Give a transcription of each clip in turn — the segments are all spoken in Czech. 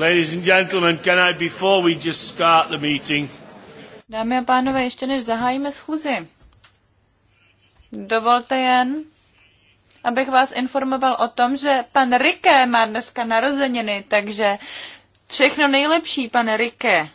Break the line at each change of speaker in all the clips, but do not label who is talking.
Ladies and gentlemen, can I, before we just start the meeting... Dámy a pánové, ještě než zahájíme schůzi, dovolte jen, abych vás informoval o tom, že pan Riké má dneska narozeniny, takže všechno nejlepší, pane Riké.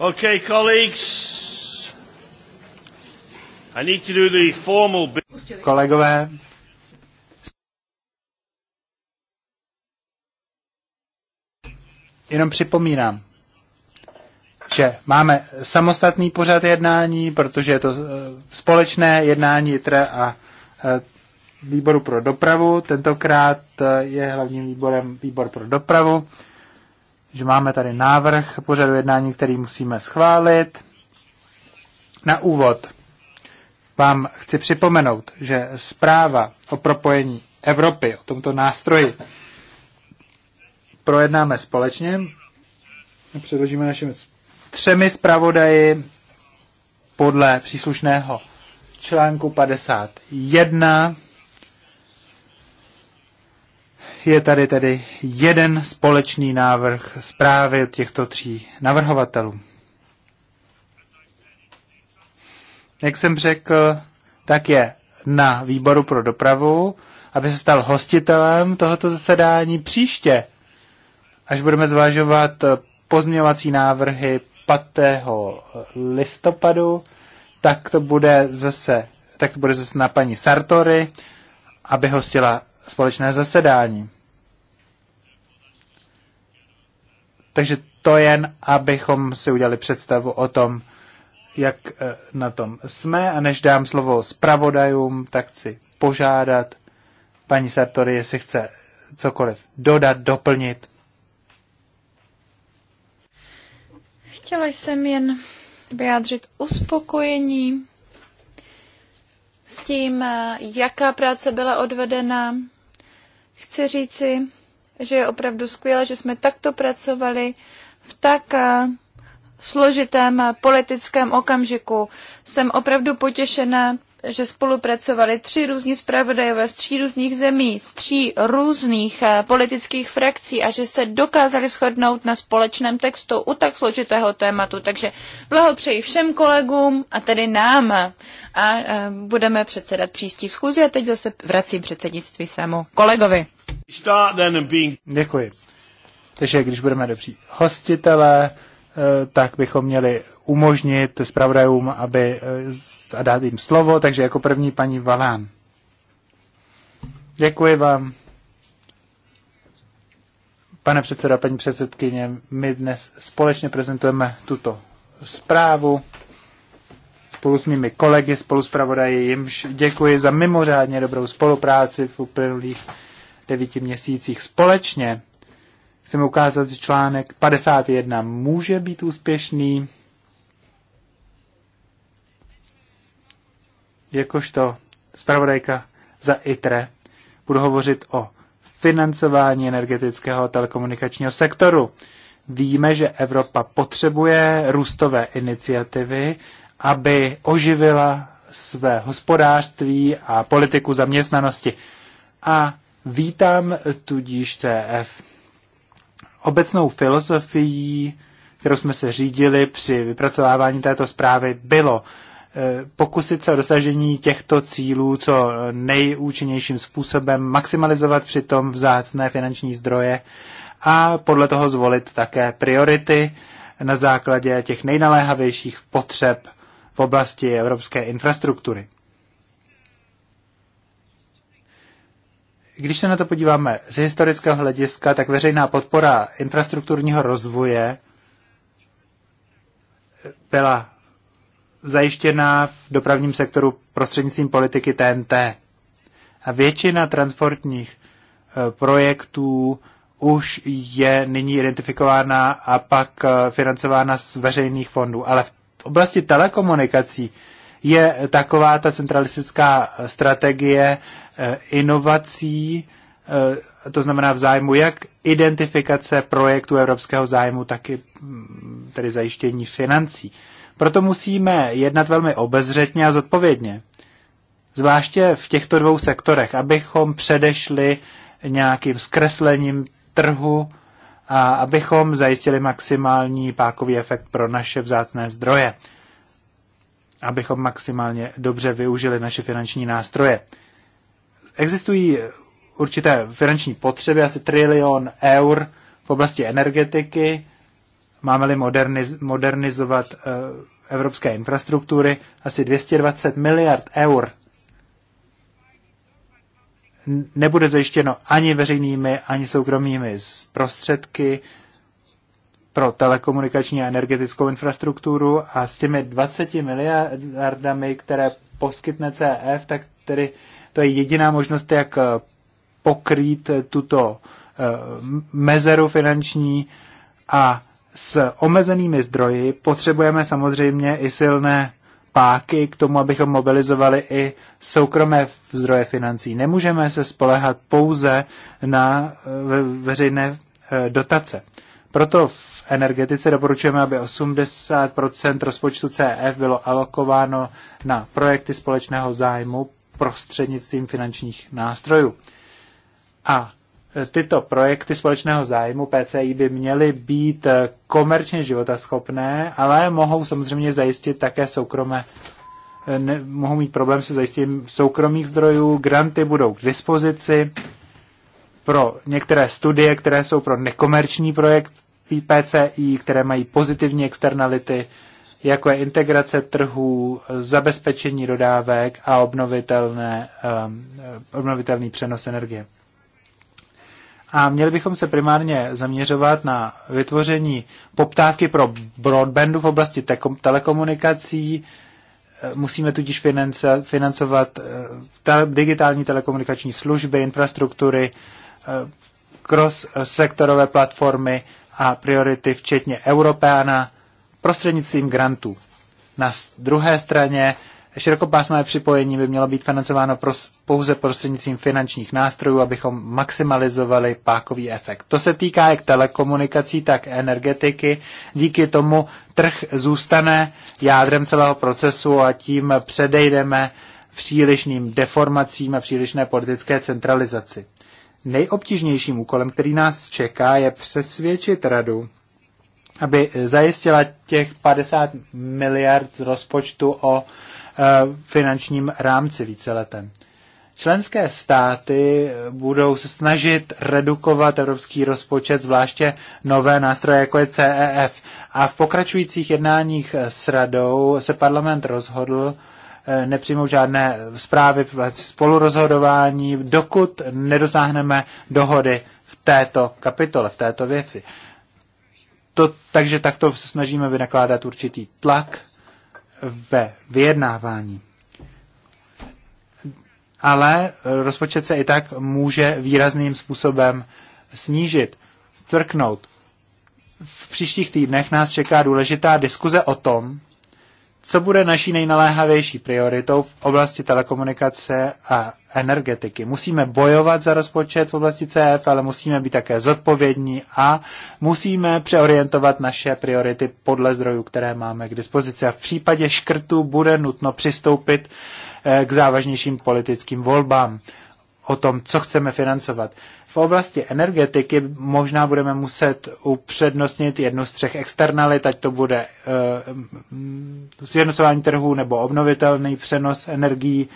Okay, colleagues. I need
to do the formal
Kolegové, jenom připomínám, že máme samostatný pořad jednání, protože je to eh, společné jednání ITRE a eh, výboru pro dopravu. Tentokrát eh, je hlavním výborem výbor pro dopravu že máme tady návrh pořadu jednání, který musíme schválit. Na úvod vám chci připomenout, že zpráva o propojení Evropy, o tomto nástroji, projednáme společně. Předložíme našimi třemi zpravodaji podle příslušného článku 51 je tady tedy jeden společný návrh zprávy od těchto tří navrhovatelů. Jak jsem řekl, tak je na výboru pro dopravu, aby se stal hostitelem tohoto zasedání příště, až budeme zvažovat pozměňovací návrhy 5. listopadu, tak to bude zase, tak to bude zase na paní Sartory, aby hostila společné zasedání. Takže to jen, abychom si udělali představu o tom, jak eh, na tom jsme. A než dám slovo zpravodajům, tak chci požádat paní Sartori, jestli chce cokoliv dodat, doplnit.
Chtěla jsem jen vyjádřit uspokojení s tím, eh, jaká práce byla odvedena. Chci říci, že je opravdu skvělé, že jsme takto pracovali v tak eh, složitém eh, politickém okamžiku. Jsem opravdu potěšená že spolupracovali tři různí zpravodajové z tří různých zemí, z tří různých eh, politických frakcí a že se dokázali shodnout na společném textu u tak složitého tématu. Takže blahopřeji všem kolegům a tedy nám a, eh, budeme předsedat příští schůzi a teď zase vracím předsednictví svému kolegovi.
Děkuji. Takže když budeme dobří hostitelé, eh, tak bychom měli umožnit zpravodajům, aby eh, a dát jim slovo, takže jako první paní Valán. Děkuji vám. Pane předseda, paní předsedkyně, my dnes společně prezentujeme tuto zprávu spolu s mými kolegy, spolu s pravodají, jimž děkuji za mimořádně dobrou spolupráci v uplynulých devíti měsících společně. Chceme ukázat, že článek 51 může být úspěšný, jakožto zpravodajka za ITRE budu hovořit o financování energetického a telekomunikačního sektoru. Víme, že Evropa potřebuje růstové iniciativy, aby oživila své hospodářství a politiku zaměstnanosti. A vítám tudíž CF. Obecnou filozofií, kterou jsme se řídili při vypracovávání této zprávy, bylo pokusit se o dosažení těchto cílů co nejúčinnějším způsobem, maximalizovat přitom vzácné finanční zdroje a podle toho zvolit také priority na základě těch nejnaléhavějších potřeb v oblasti evropské infrastruktury. Když se na to podíváme z historického hlediska, tak veřejná podpora infrastrukturního rozvoje byla zajištěná v dopravním sektoru prostřednictvím politiky TNT. A většina transportních eh, projektů už je nyní identifikována a pak eh, financována z veřejných fondů. Ale v oblasti telekomunikací je taková ta centralistická eh, strategie inovací, to znamená v zájmu jak identifikace projektu evropského zájmu, tak i mm, tedy zajištění financí. Proto musíme jednat velmi obezřetně a zodpovědně. Zvláště v těchto dvou sektorech, abychom předešli nějakým zkreslením trhu a abychom zajistili maximální pákový efekt pro naše vzácné zdroje. Abychom maximálně dobře využili naše finanční nástroje. Existují určité finanční potřeby, asi trilion eur v oblasti energetiky, máme-li moderniz, modernizovat eh, evropské infrastruktury, asi 220 miliard eur nebude zajištěno ani veřejnými, ani soukromými prostředky pro telekomunikační a energetickou infrastrukturu a s těmi 20 miliardami, které poskytne CF, e tak tedy to je jediná možnost, jak eh, pokrýt tuto eh, mezeru finanční a s omezenými zdroji potřebujeme samozřejmě i silné páky k tomu, abychom mobilizovali i soukromé zdroje financí. Nemůžeme se spolehat pouze na eh, veřejné eh, dotace. Proto v energetice doporučujeme, aby 80 rozpočtu CF e bylo alokováno na projekty společného zájmu prostřednictvím finančních nástrojů. A tyto projekty společného zájmu PCI by měly být komerčně životaschopné, ale mohou samozřejmě zajistit také soukromé ne, mohou mít problém se zajistit soukromých zdrojů, granty budou k dispozici pro některé studie, které jsou pro nekomerční projekt PCI, které mají pozitivní externality, jako je integrace trhů, zabezpečení dodávek a obnovitelné, um, obnovitelný přenos energie. A měli bychom se primárně zaměřovat na vytvoření poptávky pro broadbandu v oblasti telekomunikací. Eh, musíme tudíž financovat eh, digitální telekomunikační služby, infrastruktury, eh, cross-sektorové platformy a priority, včetně Europeana, prostřednictvím grantů. Na druhé straně Širokopásmové připojení by mělo být financováno pros, pouze prostřednictvím finančních nástrojů, abychom maximalizovali pákový efekt. To se týká jak telekomunikací, tak energetiky. Díky tomu trh zůstane jádrem celého procesu a tím předejdeme přílišným deformacím a přílišné politické centralizaci. Nejobtížnějším úkolem, který nás čeká, je přesvědčit radu, aby zajistila těch 50 miliard rozpočtu o Eh, finančním rámci víceletem. Členské státy eh, budou se snažit redukovat evropský rozpočet, zvláště nové nástroje, jako je CEF. A v pokračujících jednáních s radou se parlament rozhodl eh, nepřijmout žádné zprávy spolurozhodování, dokud nedosáhneme dohody v této kapitole, v této věci. To, takže takto se snažíme vynakládat určitý tlak ve vyjednávání. Ale rozpočet se i tak může výrazným způsobem snížit, cvrknout. V příštích týdnech nás čeká důležitá diskuze o tom, co bude naší nejnaléhavější prioritou v oblasti telekomunikace a energetiky. Musíme bojovat za rozpočet v oblasti CF, ale musíme být také zodpovědní a musíme přeorientovat naše priority podle zdrojů, které máme k dispozici. A v případě škrtu bude nutno přistoupit eh, k závažnějším politickým volbám o tom, co chceme financovat. V oblasti energetiky možná budeme muset upřednostnit jednu z třech externalit, ať to bude uh, sjednocování trhu nebo obnovitelný přenos energií. Uh,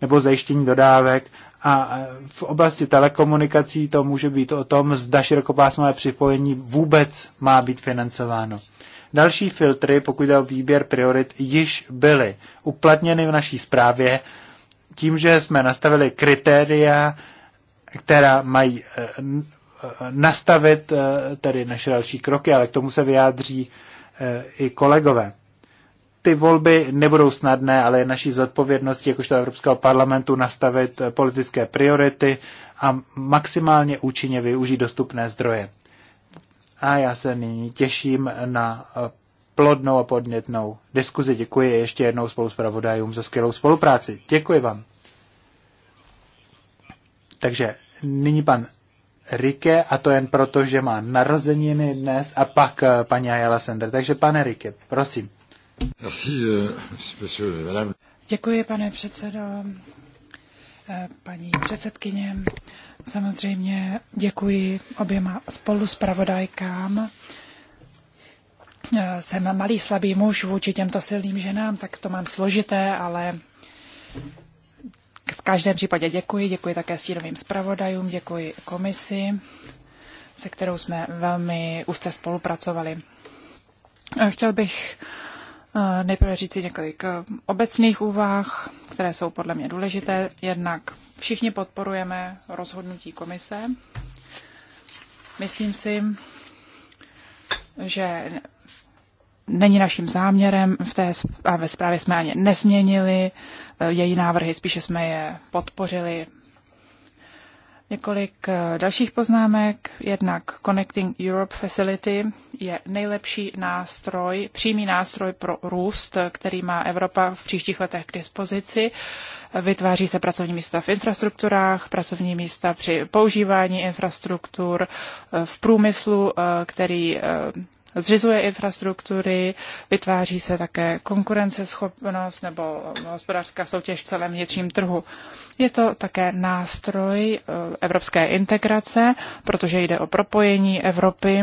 nebo zajištění dodávek. A v oblasti telekomunikací to může být o tom, zda širokopásmové připojení vůbec má být financováno. Další filtry, pokud jde o výběr priorit, již byly uplatněny v naší zprávě tím, že jsme nastavili kritéria, která mají eh, eh, nastavit eh, tedy naše další kroky, ale k tomu se vyjádří i kolegové ty volby nebudou snadné, ale je naší zodpovědnosti, jakožto Evropského parlamentu, nastavit eh, politické priority a maximálně účinně využít dostupné zdroje. A já se nyní těším na eh, plodnou a podnětnou diskuzi. Děkuji ještě jednou spoluzpravodajům za skvělou spolupráci. Děkuji vám. Takže nyní pan Rike, a to jen proto, že má narozeniny dnes, a pak eh, paní Ayala Sender. Takže pane Rike, prosím. Euh,
děkuji, pane předsedo, eh, paní předsedkyně. Samozřejmě děkuji oběma spoluspravodajkám. Eh, jsem malý slabý muž vůči těmto silným ženám, tak to mám složité, ale v každém případě děkuji. Děkuji také stínovým zpravodajům, děkuji komisi, se kterou jsme velmi úzce spolupracovali. Eh, chtěl bych Eh, nejprve říci několik eh, obecných úvah, které jsou podle mě důležité. Jednak všichni podporujeme rozhodnutí komise. Myslím si, že není naším záměrem, v té, a ve zprávě jsme ani nezměnili eh, její návrhy, spíše jsme je podpořili Několik eh, dalších poznámek. Jednak Connecting Europe Facility je nejlepší nástroj, přímý nástroj pro růst, eh, který má Evropa v příštích letech k dispozici. Vytváří se pracovní místa v infrastrukturách, pracovní místa při používání infrastruktur, eh, v průmyslu, který zřizuje infrastruktury, vytváří se také konkurenceschopnost nebo hospodářská soutěž v celém vnitřním trhu. Je to také nástroj eh, evropské integrace, protože jde o propojení Evropy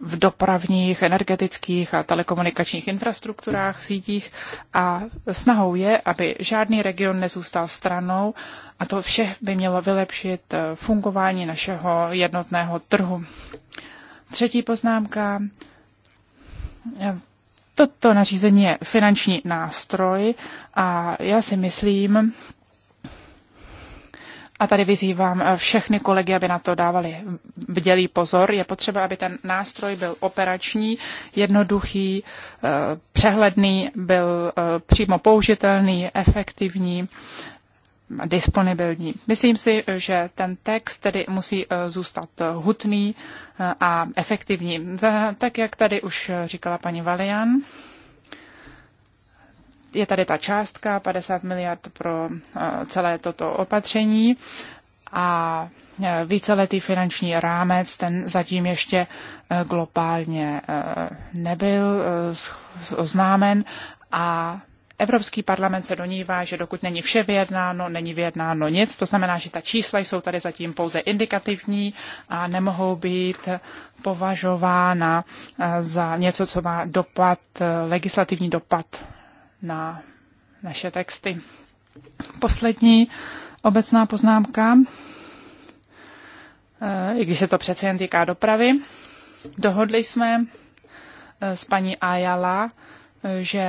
v dopravních, energetických a telekomunikačních infrastrukturách, sítích a snahou je, aby žádný region nezůstal stranou a to vše by mělo vylepšit eh, fungování našeho jednotného trhu. Třetí poznámka. Toto nařízení je finanční nástroj a já si myslím, a tady vyzývám všechny kolegy, aby na to dávali bdělý pozor. Je potřeba, aby ten nástroj byl operační, jednoduchý, eh, přehledný, byl eh, přímo použitelný, efektivní disponibilní. Myslím si, že ten text tedy musí eh, zůstat eh, hutný eh, a efektivní. Tak, jak tady už říkala paní Valian, je tady ta částka 50 miliard pro celé toto opatření a víceletý finanční rámec, ten zatím ještě globálně nebyl oznámen a Evropský parlament se donívá, že dokud není vše vyjednáno, není vyjednáno nic. To znamená, že ta čísla jsou tady zatím pouze indikativní a nemohou být považována eh, za něco, co má dopad, eh, legislativní dopad na naše texty. Poslední obecná poznámka, eh, i když se to přece jen týká dopravy. Dohodli jsme s paní Ayala, že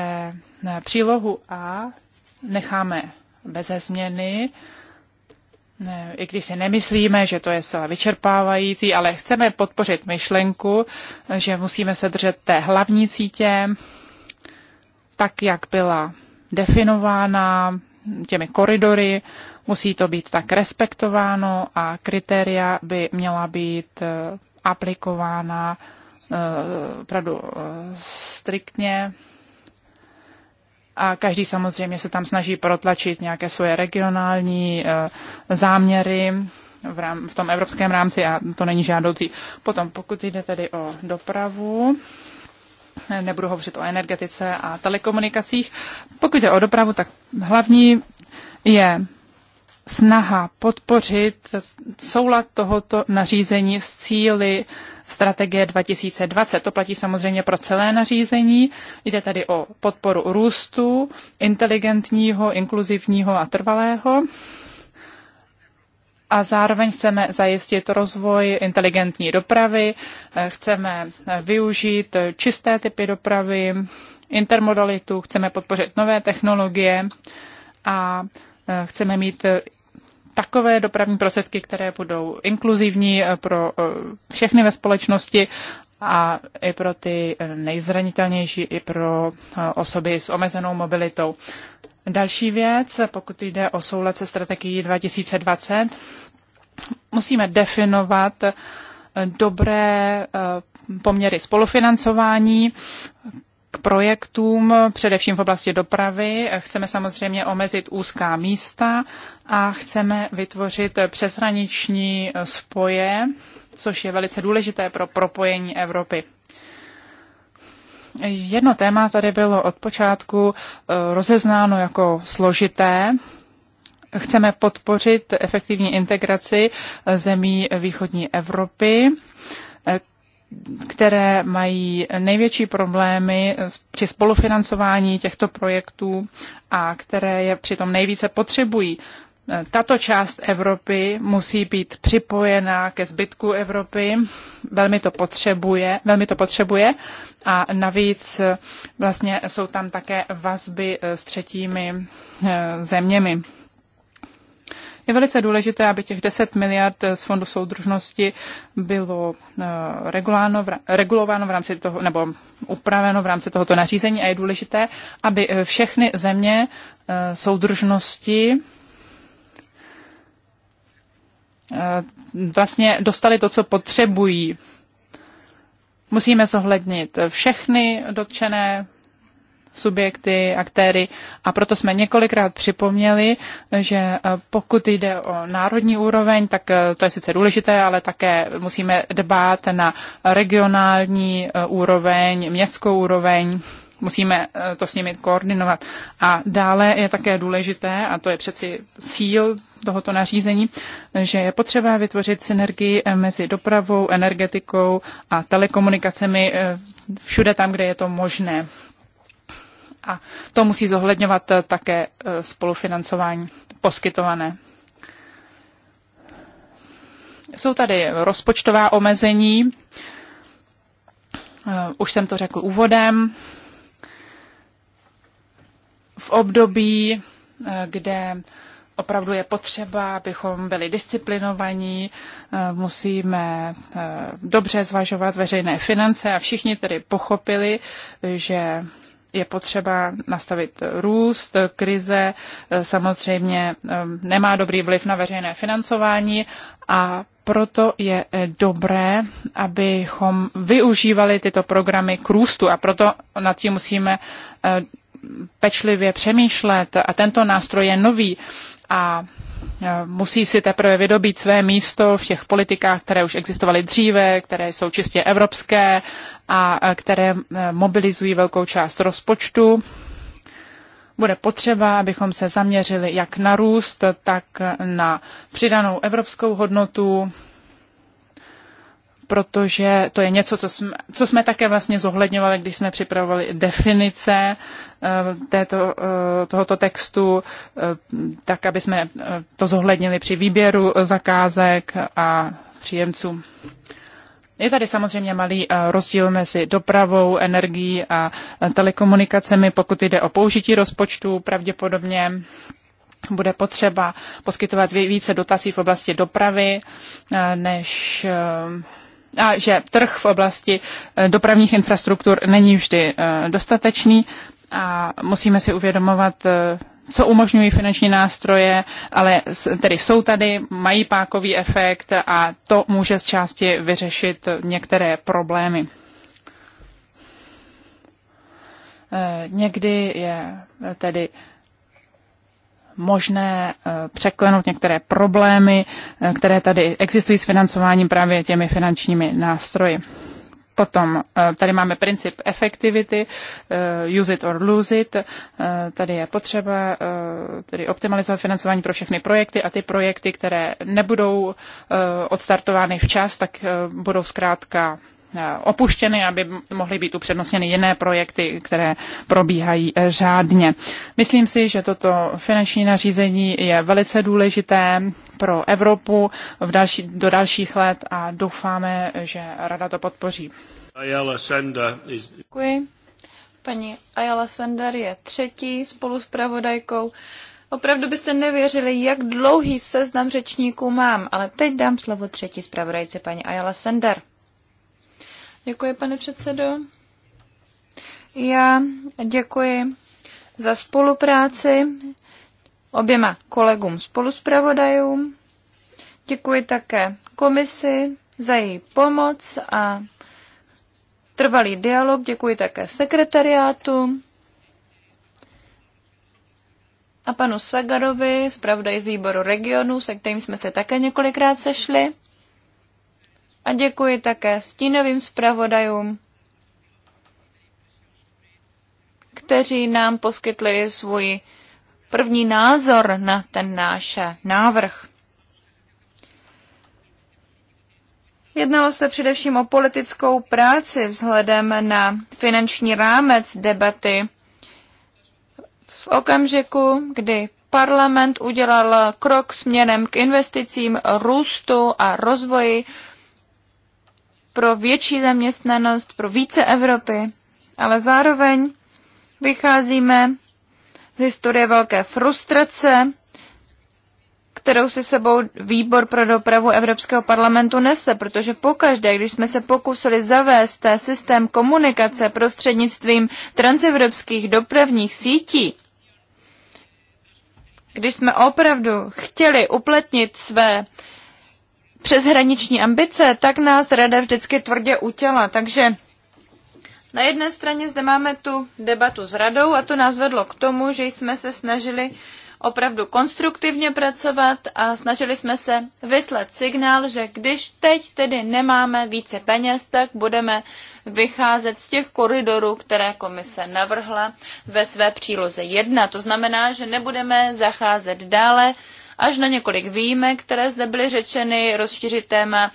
eh, přílohu A necháme bez změny, eh, i když si nemyslíme, že to je zcela vyčerpávající, ale chceme podpořit myšlenku, eh, že musíme se držet té hlavní cítě, tak jak byla definována těmi koridory, musí to být tak respektováno a kritéria by měla být aplikována opravdu striktně a každý samozřejmě se tam snaží protlačit nějaké svoje regionální eh, záměry v, rám, v tom evropském rámci a to není žádoucí. Potom, pokud jde tedy o dopravu, nebudu hovořit o energetice a telekomunikacích, pokud jde o dopravu, tak hlavní je snaha podpořit soulad tohoto nařízení s cíly strategie 2020. To platí samozřejmě pro celé nařízení. Jde tady o podporu růstu, inteligentního, inkluzivního a trvalého. A zároveň chceme zajistit rozvoj inteligentní dopravy, chceme využít čisté typy dopravy, intermodalitu, chceme podpořit nové technologie a chceme mít takové dopravní prostředky, které budou inkluzivní eh, pro eh, všechny ve společnosti a i pro ty eh, nejzranitelnější, i pro osoby s omezenou mobilitou. Další věc, pokud jde o soulad se strategií 2020, musíme definovat dobré poměry spolufinancování k projektům, především v oblasti dopravy. Chceme samozřejmě omezit úzká místa a chceme vytvořit přeshraniční spoje, což je velice důležité pro propojení Evropy. Jedno téma tady bylo od počátku eh, rozeznáno jako složité. Chceme podpořit efektivní integraci eh, zemí východní Evropy eh, které mají největší problémy při spolufinancování těchto projektů a které je přitom nejvíce potřebují. Tato část Evropy musí být připojená ke zbytku Evropy, velmi to potřebuje, velmi to potřebuje a navíc eh, vlastně jsou tam také vazby eh, s třetími eh, zeměmi. Je velice důležité, aby těch 10 miliard z Fondu soudržnosti bylo eh, regulováno v rámci toho, nebo upraveno v rámci tohoto nařízení a je důležité, aby eh, všechny země eh, soudržnosti vlastně dostali to, co potřebují. Musíme zohlednit všechny dotčené subjekty, aktéry a proto jsme několikrát připomněli, že eh, pokud jde o národní úroveň, tak eh, to je sice důležité, ale také musíme dbát na regionální eh, úroveň, městskou úroveň, musíme to s nimi koordinovat. A dále je také důležité, a to je přeci síl tohoto nařízení, že je potřeba vytvořit synergii mezi dopravou, energetikou a telekomunikacemi všude tam, kde je to možné a to musí zohledňovat eh, také eh, spolufinancování poskytované. Jsou tady rozpočtová omezení, eh, už jsem to řekl úvodem. V období, kde opravdu je potřeba, abychom byli disciplinovaní, musíme dobře zvažovat veřejné finance a všichni tedy pochopili, že je potřeba nastavit růst, krize eh, samozřejmě eh, nemá dobrý vliv na veřejné financování a proto je eh, dobré, abychom využívali tyto programy k růstu a proto nad tím musíme pečlivě přemýšlet a tento nástroj je nový a e, musí si teprve vydobít své místo v těch politikách, které už existovaly dříve, které jsou čistě evropské a e, které e, mobilizují velkou část rozpočtu. Bude potřeba, abychom se zaměřili jak na růst, tak na přidanou evropskou hodnotu protože to je něco, co jsme, co jsme také vlastně zohledňovali, když jsme připravovali definice eh, této, eh, tohoto textu, eh, tak aby jsme to zohlednili při výběru zakázek a příjemců. Je tady samozřejmě malý rozdíl mezi dopravou, energií a telekomunikacemi, pokud jde o použití rozpočtu, pravděpodobně bude potřeba poskytovat více dotací v oblasti dopravy než a že trh v oblasti eh, dopravních infrastruktur není vždy eh, dostatečný a musíme si uvědomovat, eh, co umožňují finanční nástroje, ale tedy jsou tady, mají pákový efekt a to může z části vyřešit některé problémy. Někdy je tedy možné eh, překlenout některé problémy, eh, které tady existují s financováním právě těmi finančními nástroji. Potom eh, tady máme princip efektivity, use it or lose it. Tady je potřeba tedy optimalizovat financování pro všechny projekty a ty projekty, které nebudou odstartovány včas, tak budou zkrátka Eh, opuštěny, aby mohly být upřednostněny jiné projekty, které probíhají eh, řádně. Myslím si, že toto finanční nařízení je velice důležité pro Evropu v další, do dalších let a doufáme, že Rada to podpoří. Děkuji. Paní Ayala Sender je třetí spolu s pravodajkou.
Opravdu byste nevěřili, jak dlouhý seznam řečníků mám, ale teď dám slovo třetí zpravodajce paní Ayala Sender. Děkuji, pane předsedo. Já děkuji za spolupráci oběma kolegům spoluspravodajům. Děkuji také komisi za její pomoc a trvalý dialog. Děkuji také sekretariátu a panu Sagarovi, zpravodaj z výboru regionu, se kterým jsme se také několikrát sešli a děkuji také stínovým zpravodajům, kteří nám poskytli svůj první názor na ten náš návrh. Jednalo se především o politickou práci vzhledem na finanční rámec debaty. V okamžiku, kdy parlament udělal krok směrem k investicím, růstu a rozvoji, pro větší zaměstnanost, pro více Evropy, ale zároveň vycházíme z historie velké frustrace, kterou si sebou výbor pro dopravu Evropského parlamentu nese, protože pokaždé, když jsme se pokusili zavést systém komunikace prostřednictvím transevropských dopravních sítí, když jsme opravdu chtěli uplatnit své uh, přeshraniční ambice, tak nás rada vždycky tvrdě utěla. Takže na jedné straně zde máme tu debatu s radou a to nás vedlo k tomu, že jsme se snažili opravdu konstruktivně pracovat a snažili jsme se vyslat signál, že když teď tedy nemáme více peněz, tak budeme vycházet z těch koridorů, které komise navrhla ve své příloze 1. To znamená, že nebudeme zacházet dále až na několik výjimek, které zde byly řečeny, rozšířit téma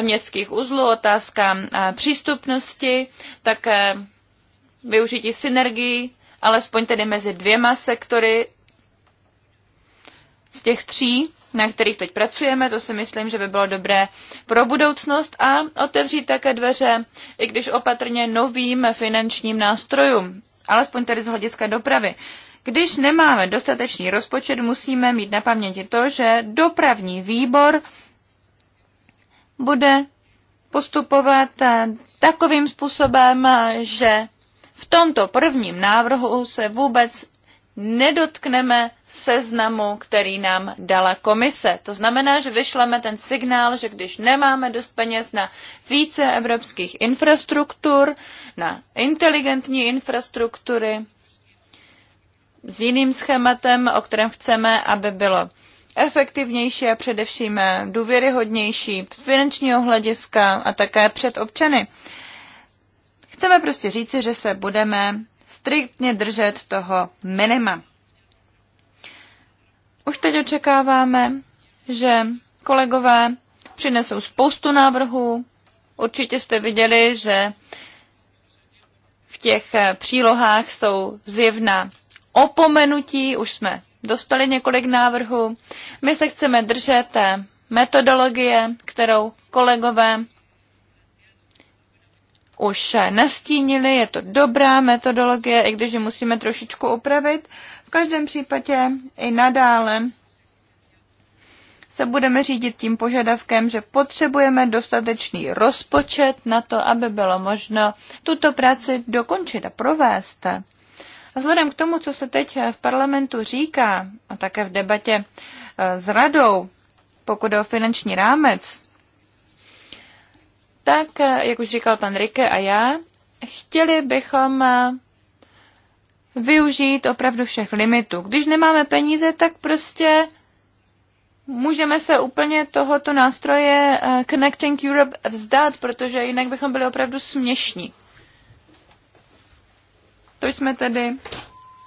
městských uzlů, otázka eh, přístupnosti, také využití synergii, alespoň tedy mezi dvěma sektory z těch tří, na kterých teď pracujeme, to si myslím, že by bylo dobré pro budoucnost a otevřít také dveře, i když opatrně novým finančním nástrojům, alespoň tedy z hlediska dopravy. Když nemáme dostatečný rozpočet, musíme mít na paměti to, že dopravní výbor bude postupovat eh, takovým způsobem, eh, že v tomto prvním návrhu se vůbec nedotkneme seznamu, který nám dala komise. To znamená, že vyšleme ten signál, že když nemáme dost peněz na více evropských infrastruktur, na inteligentní infrastruktury, s jiným schématem, o kterém chceme, aby bylo efektivnější a především důvěryhodnější z finančního hlediska a také před občany. Chceme prostě říci, že se budeme striktně držet toho minima. Už teď očekáváme, že kolegové přinesou spoustu návrhů. Určitě jste viděli, že v těch přílohách jsou zjevná opomenutí, už jsme dostali několik návrhů. My se chceme držet té metodologie, kterou kolegové už nastínili, je to dobrá metodologie, i když ji musíme trošičku upravit. V každém případě i nadále se budeme řídit tím požadavkem, že potřebujeme dostatečný rozpočet na to, aby bylo možno tuto práci dokončit a provést. Vzhledem k tomu, co se teď v parlamentu říká a také v debatě eh, s radou, pokud je o finanční rámec, tak, eh, jak už říkal pan Rike a já, chtěli bychom eh, využít opravdu všech limitů. Když nemáme peníze, tak prostě můžeme se úplně tohoto nástroje Connecting Europe vzdát, protože jinak bychom byli opravdu směšní. To jsme tedy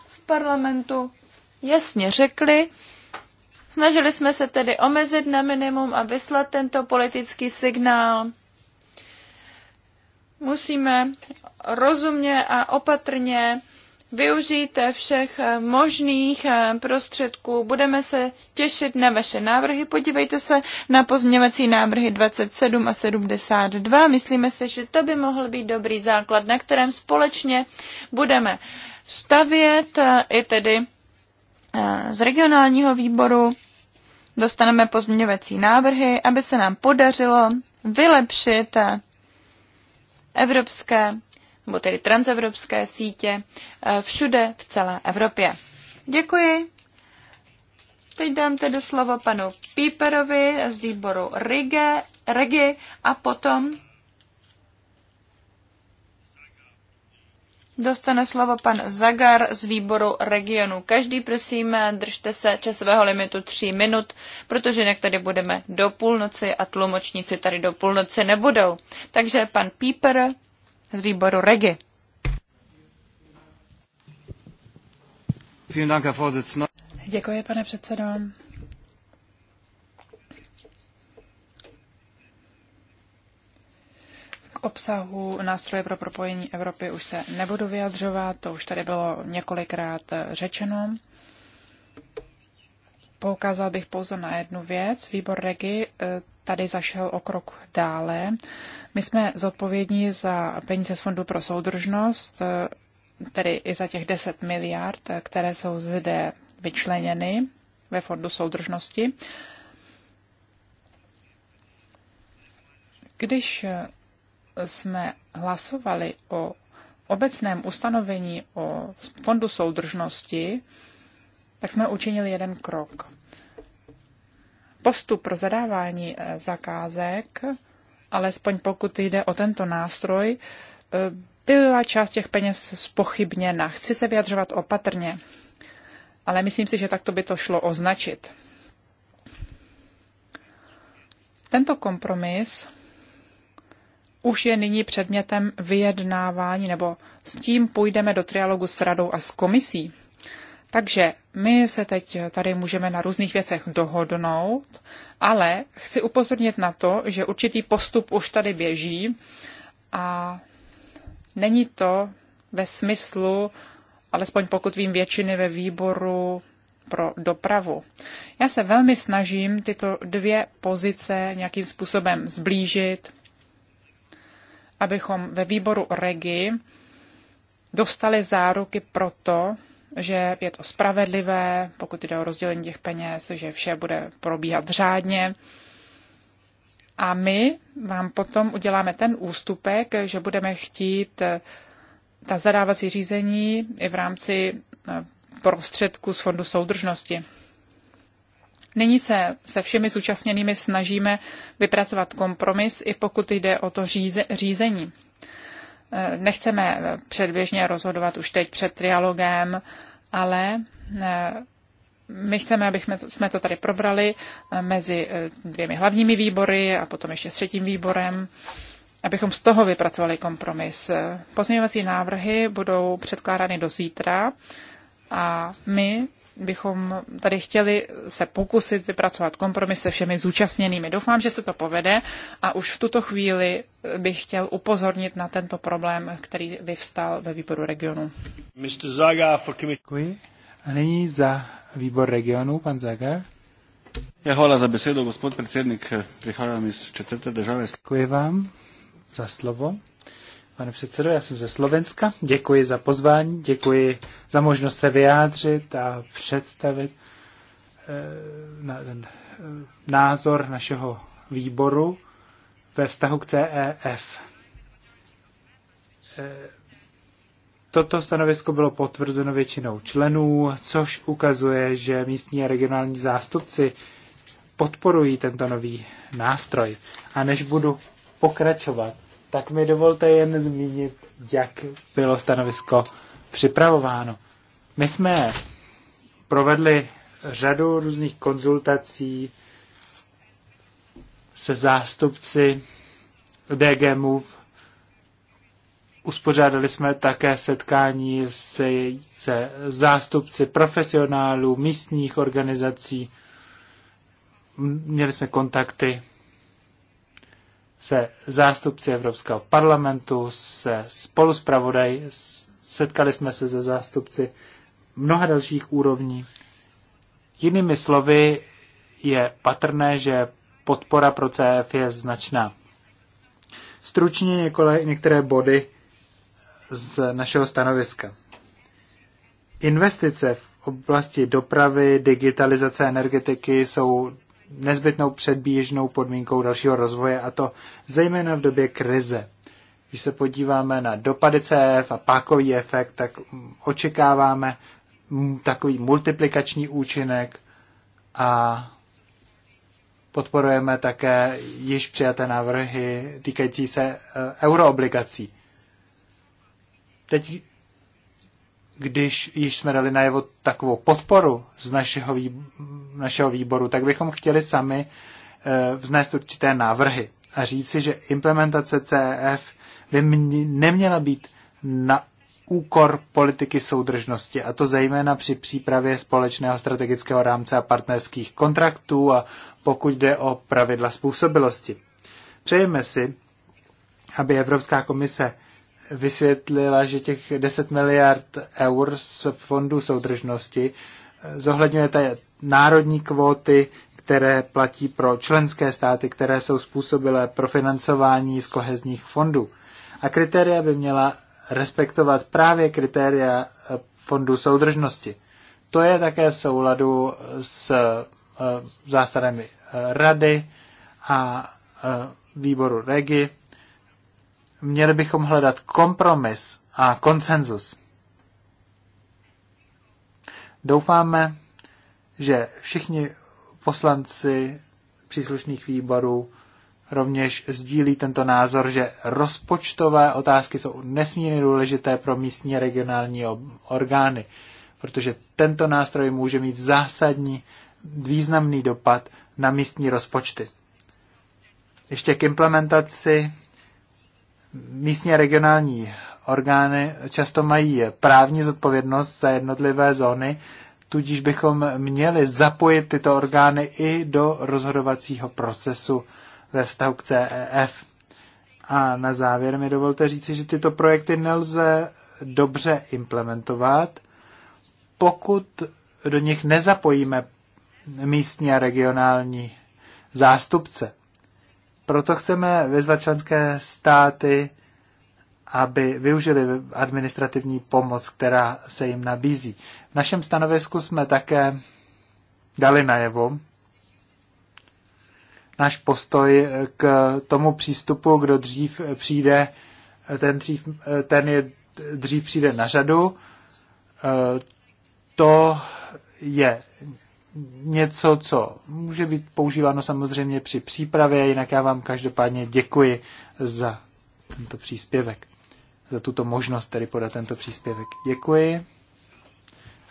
v parlamentu jasně řekli. Snažili jsme se tedy omezit na minimum a vyslat tento politický signál. Musíme rozumně a opatrně využít všech eh, možných eh, prostředků. Budeme se těšit na vaše návrhy. Podívejte se na pozměňovací návrhy 27 a 72. Myslíme se, že to by mohl být dobrý základ, na kterém společně budeme stavět eh, i tedy z regionálního výboru. Dostaneme pozměňovací návrhy, aby se nám podařilo vylepšit evropské nebo tedy transevropské sítě, eh, všude v celé Evropě. Děkuji. Teď dám tedy slovo panu Píperovi z výboru Rige, Regi a potom Dostane slovo pan Zagar z výboru regionu. Každý, prosím, držte se časového limitu tří minut, protože jinak tady budeme do půlnoci a tlumočníci tady do půlnoci nebudou. Takže pan Píper z výboru REGI.
Děkuji, pane předsedo. K obsahu nástroje pro propojení Evropy už se nebudu vyjadřovat, to už tady bylo několikrát řečeno. Poukázal bych pouze na jednu věc. Výbor Regi eh, tady zašel o krok dále. My jsme zodpovědní za peníze z Fondu pro soudržnost, eh, tedy i za těch 10 miliard, eh, které jsou zde vyčleněny ve Fondu soudržnosti. Když eh, jsme hlasovali o obecném ustanovení o Fondu soudržnosti, tak jsme učinili jeden krok postup pro zadávání eh, zakázek, alespoň pokud jde o tento nástroj, eh, byla část těch peněz spochybněna. Chci se vyjadřovat opatrně, ale myslím si, že takto by to šlo označit. Tento kompromis už je nyní předmětem vyjednávání, nebo s tím půjdeme do trialogu s radou a s komisí. Takže my se teď tady můžeme na různých věcech dohodnout, ale chci upozornit na to, že určitý postup už tady běží a není to ve smyslu, alespoň pokud vím, většiny ve výboru pro dopravu. Já se velmi snažím tyto dvě pozice nějakým způsobem zblížit, abychom ve výboru REGI dostali záruky pro to, že je to spravedlivé, pokud jde o rozdělení těch peněz, že vše bude probíhat řádně. A my vám potom uděláme ten ústupek, že budeme chtít eh, ta zadávací řízení i v rámci eh, prostředků z Fondu soudržnosti. Nyní se se všemi zúčastněnými snažíme vypracovat kompromis, i pokud jde o to říze, řízení nechceme předběžně rozhodovat už teď před trialogem, ale eh, my chceme, aby jsme to tady probrali eh, mezi eh, dvěmi hlavními výbory a potom ještě s třetím výborem, abychom z toho vypracovali kompromis. Pozměňovací návrhy budou předkládány do zítra a my bychom tady chtěli se pokusit vypracovat kompromis se všemi zúčastněnými. Doufám, že se to povede a už v tuto chvíli bych chtěl upozornit na tento problém, který vyvstal ve výboru
regionu. Děkuji. A nyní za výbor regionu, pan Zagar. Já hola za besedu, gospod předsednik, Přicházím z čtvrté države. Děkuji vám za slovo. Pane předsedo, já jsem ze Slovenska. Děkuji za pozvání, děkuji za možnost se vyjádřit a představit eh, eh, názor našeho výboru ve vztahu k CEF. Eh, toto stanovisko bylo potvrzeno většinou členů, což ukazuje, že místní a regionální zástupci podporují tento nový nástroj. A než budu pokračovat, tak mi dovolte jen zmínit, jak bylo stanovisko připravováno. My jsme provedli řadu různých konzultací se zástupci DG Move. Uspořádali jsme také setkání se, se zástupci profesionálů, místních organizací. Měli jsme kontakty se zástupci Evropského parlamentu, se spoluspravodaj, setkali jsme se se zástupci mnoha dalších úrovní. Jinými slovy je patrné, že podpora pro CF je značná. Stručně několik některé body z našeho stanoviska. Investice v oblasti dopravy, digitalizace, energetiky jsou nezbytnou předběžnou podmínkou dalšího rozvoje, a to zejména v době krize. Když se podíváme na dopady CF a pákový efekt, tak očekáváme takový multiplikační účinek a podporujeme také již přijaté návrhy týkající se e, euroobligací. Teď když již jsme dali najevo takovou podporu z našeho, výboru, našeho výboru, tak bychom chtěli sami eh, vznést určité návrhy a říci, že implementace CEF by neměla být na úkor politiky soudržnosti, a to zejména při přípravě společného strategického rámce a partnerských kontraktů a pokud jde o pravidla způsobilosti. Přejeme si, aby Evropská komise vysvětlila, že těch 10 miliard eur z fondu soudržnosti eh, zohledňujete národní kvóty, které platí pro členské státy, které jsou způsobilé pro financování z kohezních fondů. A kritéria by měla respektovat právě kritéria eh, fondu soudržnosti. To je také v souladu s eh, zásadami rady a výboru REGI Měli bychom hledat kompromis a konsenzus. Doufáme, že všichni poslanci příslušných výborů rovněž sdílí tento názor, že rozpočtové otázky jsou nesmírně důležité pro místní a regionální orgány, protože tento nástroj může mít zásadní, významný dopad na místní rozpočty. Ještě k implementaci místní a regionální orgány často mají právní zodpovědnost za jednotlivé zóny, tudíž bychom měli zapojit tyto orgány i do rozhodovacího procesu ve vztahu k CEF. A na závěr mi dovolte říci, že tyto projekty nelze dobře implementovat, pokud do nich nezapojíme místní a regionální zástupce. Proto chceme vyzvat členské státy, aby využili administrativní pomoc, která se jim nabízí. V našem stanovisku jsme také dali najevo náš postoj k tomu přístupu, kdo dřív přijde, ten, dřív, ten je, dřív přijde na řadu. To je něco, co může být používáno samozřejmě při přípravě, jinak já vám každopádně děkuji za tento příspěvek, za tuto možnost tedy podat tento příspěvek. Děkuji.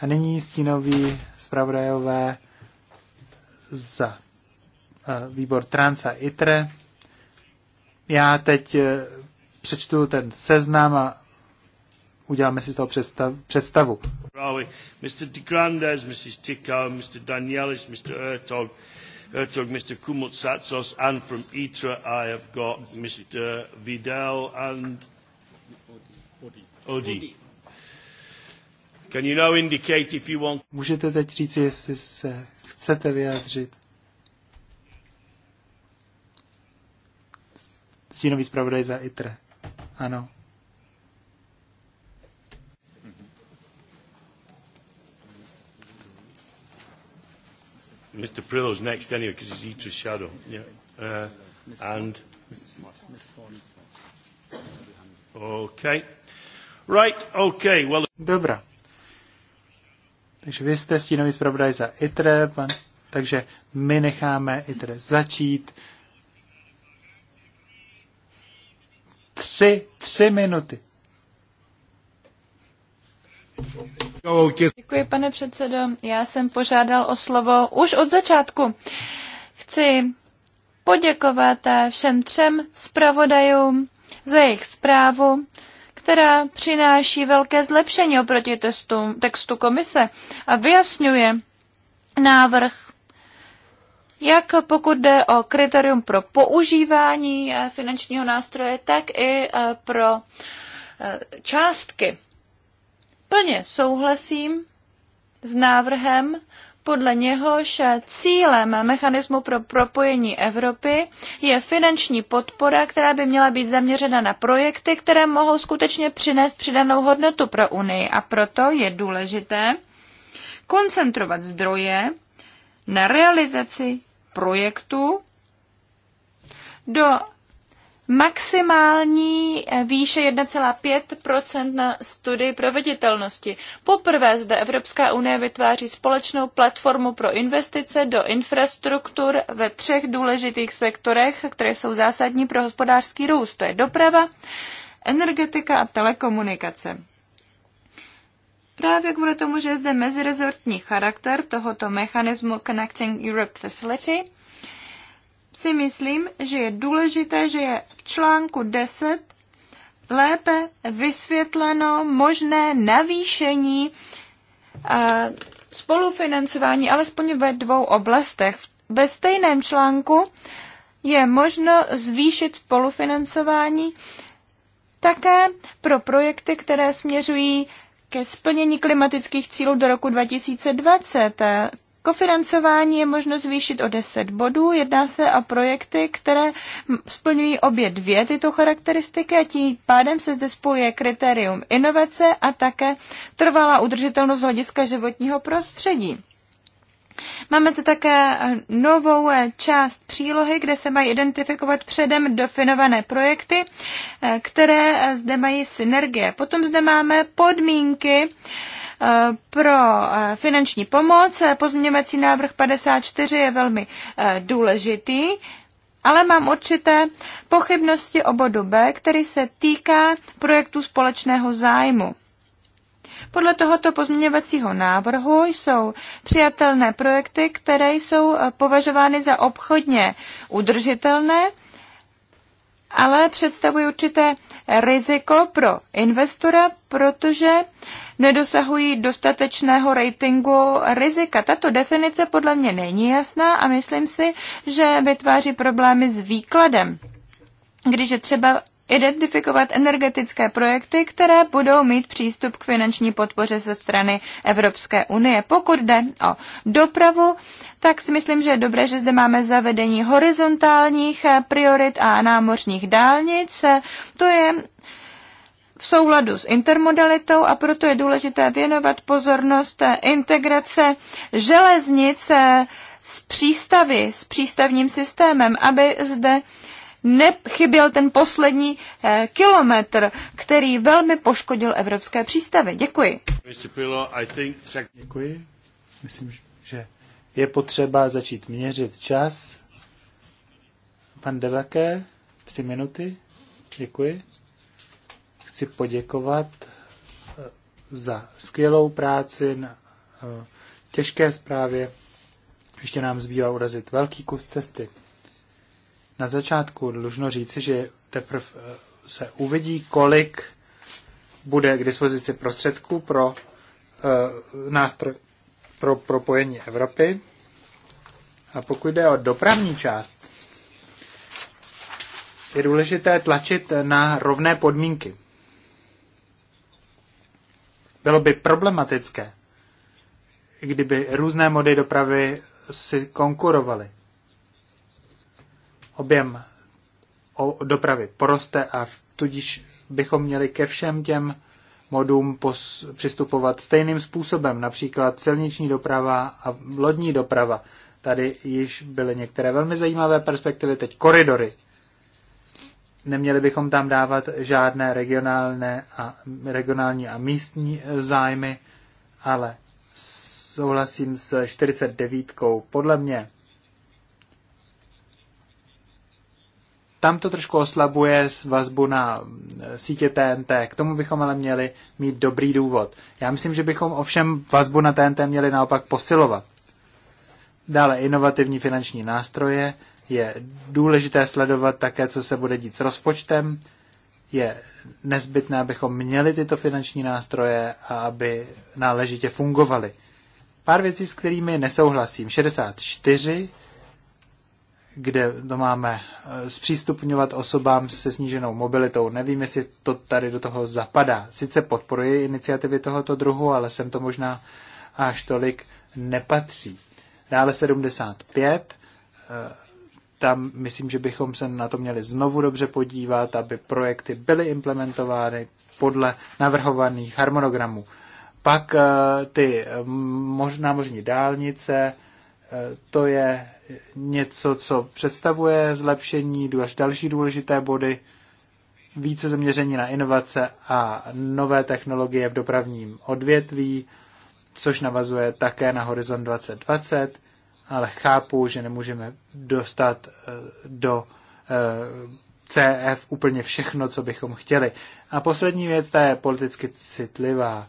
A nyní stínoví zpravodajové za eh, výbor a ITRE. Já teď eh, přečtu ten seznam a uděláme si z toho představu.
Mr. De Grandes, Mrs. Tico, Mr. Danielis, Mr. Ertog, Ertog, Mr. Kumutsatsos, and from ITRA I have got Mr. Vidal and Odi. Can you now indicate if you want...
Můžete teď říct, jestli se chcete vyjádřit. Stínový zpravodaj za ITRE. Ano.
Mr. Prillo's next anyway because he's Eater's shadow. Yeah. Uh, and
okay. Right, okay, well... Dobra. Takže vy jste stínový zpravodaj za ITRE, pan... takže my necháme ITRE začít. Tři, tři minuty.
Okay.
Děkuji, pane předsedo. Já jsem požádal o slovo už od začátku. Chci poděkovat všem třem zpravodajům za jejich zprávu, která přináší velké zlepšení oproti testu, textu komise a vyjasňuje návrh, jak pokud jde o kritérium pro používání finančního nástroje, tak i eh, pro eh, částky Plně souhlasím s návrhem, podle něhož cílem mechanismu pro propojení Evropy je finanční podpora, která by měla být zaměřena na projekty, které mohou skutečně přinést přidanou hodnotu pro Unii a proto je důležité koncentrovat zdroje na realizaci projektu do maximální eh, výše 1,5 na studii proveditelnosti. Poprvé zde Evropská unie vytváří společnou platformu pro investice do infrastruktur ve třech důležitých sektorech, které jsou zásadní pro hospodářský růst. To je doprava, energetika a telekomunikace. Právě kvůli tomu, že je zde mezirezortní charakter tohoto mechanismu Connecting Europe Facility, si myslím, že je důležité, že je v článku 10 lépe vysvětleno možné navýšení eh, spolufinancování alespoň ve dvou oblastech. Ve stejném článku je možno zvýšit spolufinancování také pro projekty, které směřují ke splnění klimatických cílů do roku 2020. Kofinancování je možno zvýšit o 10 bodů. Jedná se o projekty, které splňují obě dvě tyto charakteristiky a tím pádem se zde spojuje kritérium inovace a také trvalá udržitelnost z hlediska životního prostředí. Máme tu také eh, novou eh, část přílohy, kde se mají identifikovat předem definované projekty, eh, které zde mají synergie. Potom zde máme podmínky, pro eh, finanční pomoc. Eh, pozměňovací návrh 54 je velmi eh, důležitý, ale mám určité pochybnosti o bodu B, který se týká projektu společného zájmu. Podle tohoto pozměňovacího návrhu jsou přijatelné projekty, které jsou považovány za obchodně udržitelné ale představují určité riziko pro investora, protože nedosahují dostatečného ratingu rizika. Tato definice podle mě není jasná a myslím si, že vytváří problémy s výkladem. Když je třeba identifikovat energetické projekty, které budou mít přístup k finanční podpoře ze strany Evropské unie. Pokud jde o dopravu, tak si myslím, že je dobré, že zde máme zavedení horizontálních priorit a námořních dálnic. To je v souladu s intermodalitou a proto je důležité věnovat pozornost integrace železnice s přístavy, s přístavním systémem, aby zde nechyběl ten poslední eh, kilometr, který velmi poškodil evropské přístavy.
Děkuji. Děkuji. Myslím, že je potřeba začít měřit čas. Pan Devake, tři minuty. Děkuji. Chci poděkovat eh, za skvělou práci na eh, těžké zprávě. Ještě nám zbývá urazit velký kus cesty. Na začátku dlužno říci, že teprve eh, se uvidí, kolik bude k dispozici prostředků pro uh, nástroj pro propojení Evropy. A pokud jde o dopravní část, je důležité tlačit na rovné podmínky. Bylo by problematické, kdyby různé mody dopravy si konkurovaly objem dopravy poroste a tudíž bychom měli ke všem těm modům přistupovat stejným způsobem, například silniční doprava a lodní doprava. Tady již byly některé velmi zajímavé perspektivy, teď koridory. Neměli bychom tam dávat žádné regionálné a, regionální a místní e, zájmy, ale souhlasím s 49. Podle mě Tam to trošku oslabuje s vazbu na eh, sítě TNT. K tomu bychom ale měli mít dobrý důvod. Já myslím, že bychom ovšem vazbu na TNT měli naopak posilovat. Dále inovativní finanční nástroje. Je důležité sledovat také, co se bude dít s rozpočtem. Je nezbytné, abychom měli tyto finanční nástroje a aby náležitě fungovaly. Pár věcí, s kterými nesouhlasím. 64 kde to máme eh, zpřístupňovat osobám se sníženou mobilitou. Nevím, jestli to tady do toho zapadá. Sice podporuji iniciativy tohoto druhu, ale sem to možná až tolik nepatří. Dále 75. Eh, tam myslím, že bychom se na to měli znovu dobře podívat, aby projekty byly implementovány podle navrhovaných harmonogramů. Pak eh, ty možná možní dálnice, to je něco, co představuje zlepšení, až další důležité body, více zaměření na inovace a nové technologie v dopravním odvětví, což navazuje také na Horizon 2020, ale chápu, že nemůžeme dostat eh, do eh, CF úplně všechno, co bychom chtěli. A poslední věc, ta je politicky citlivá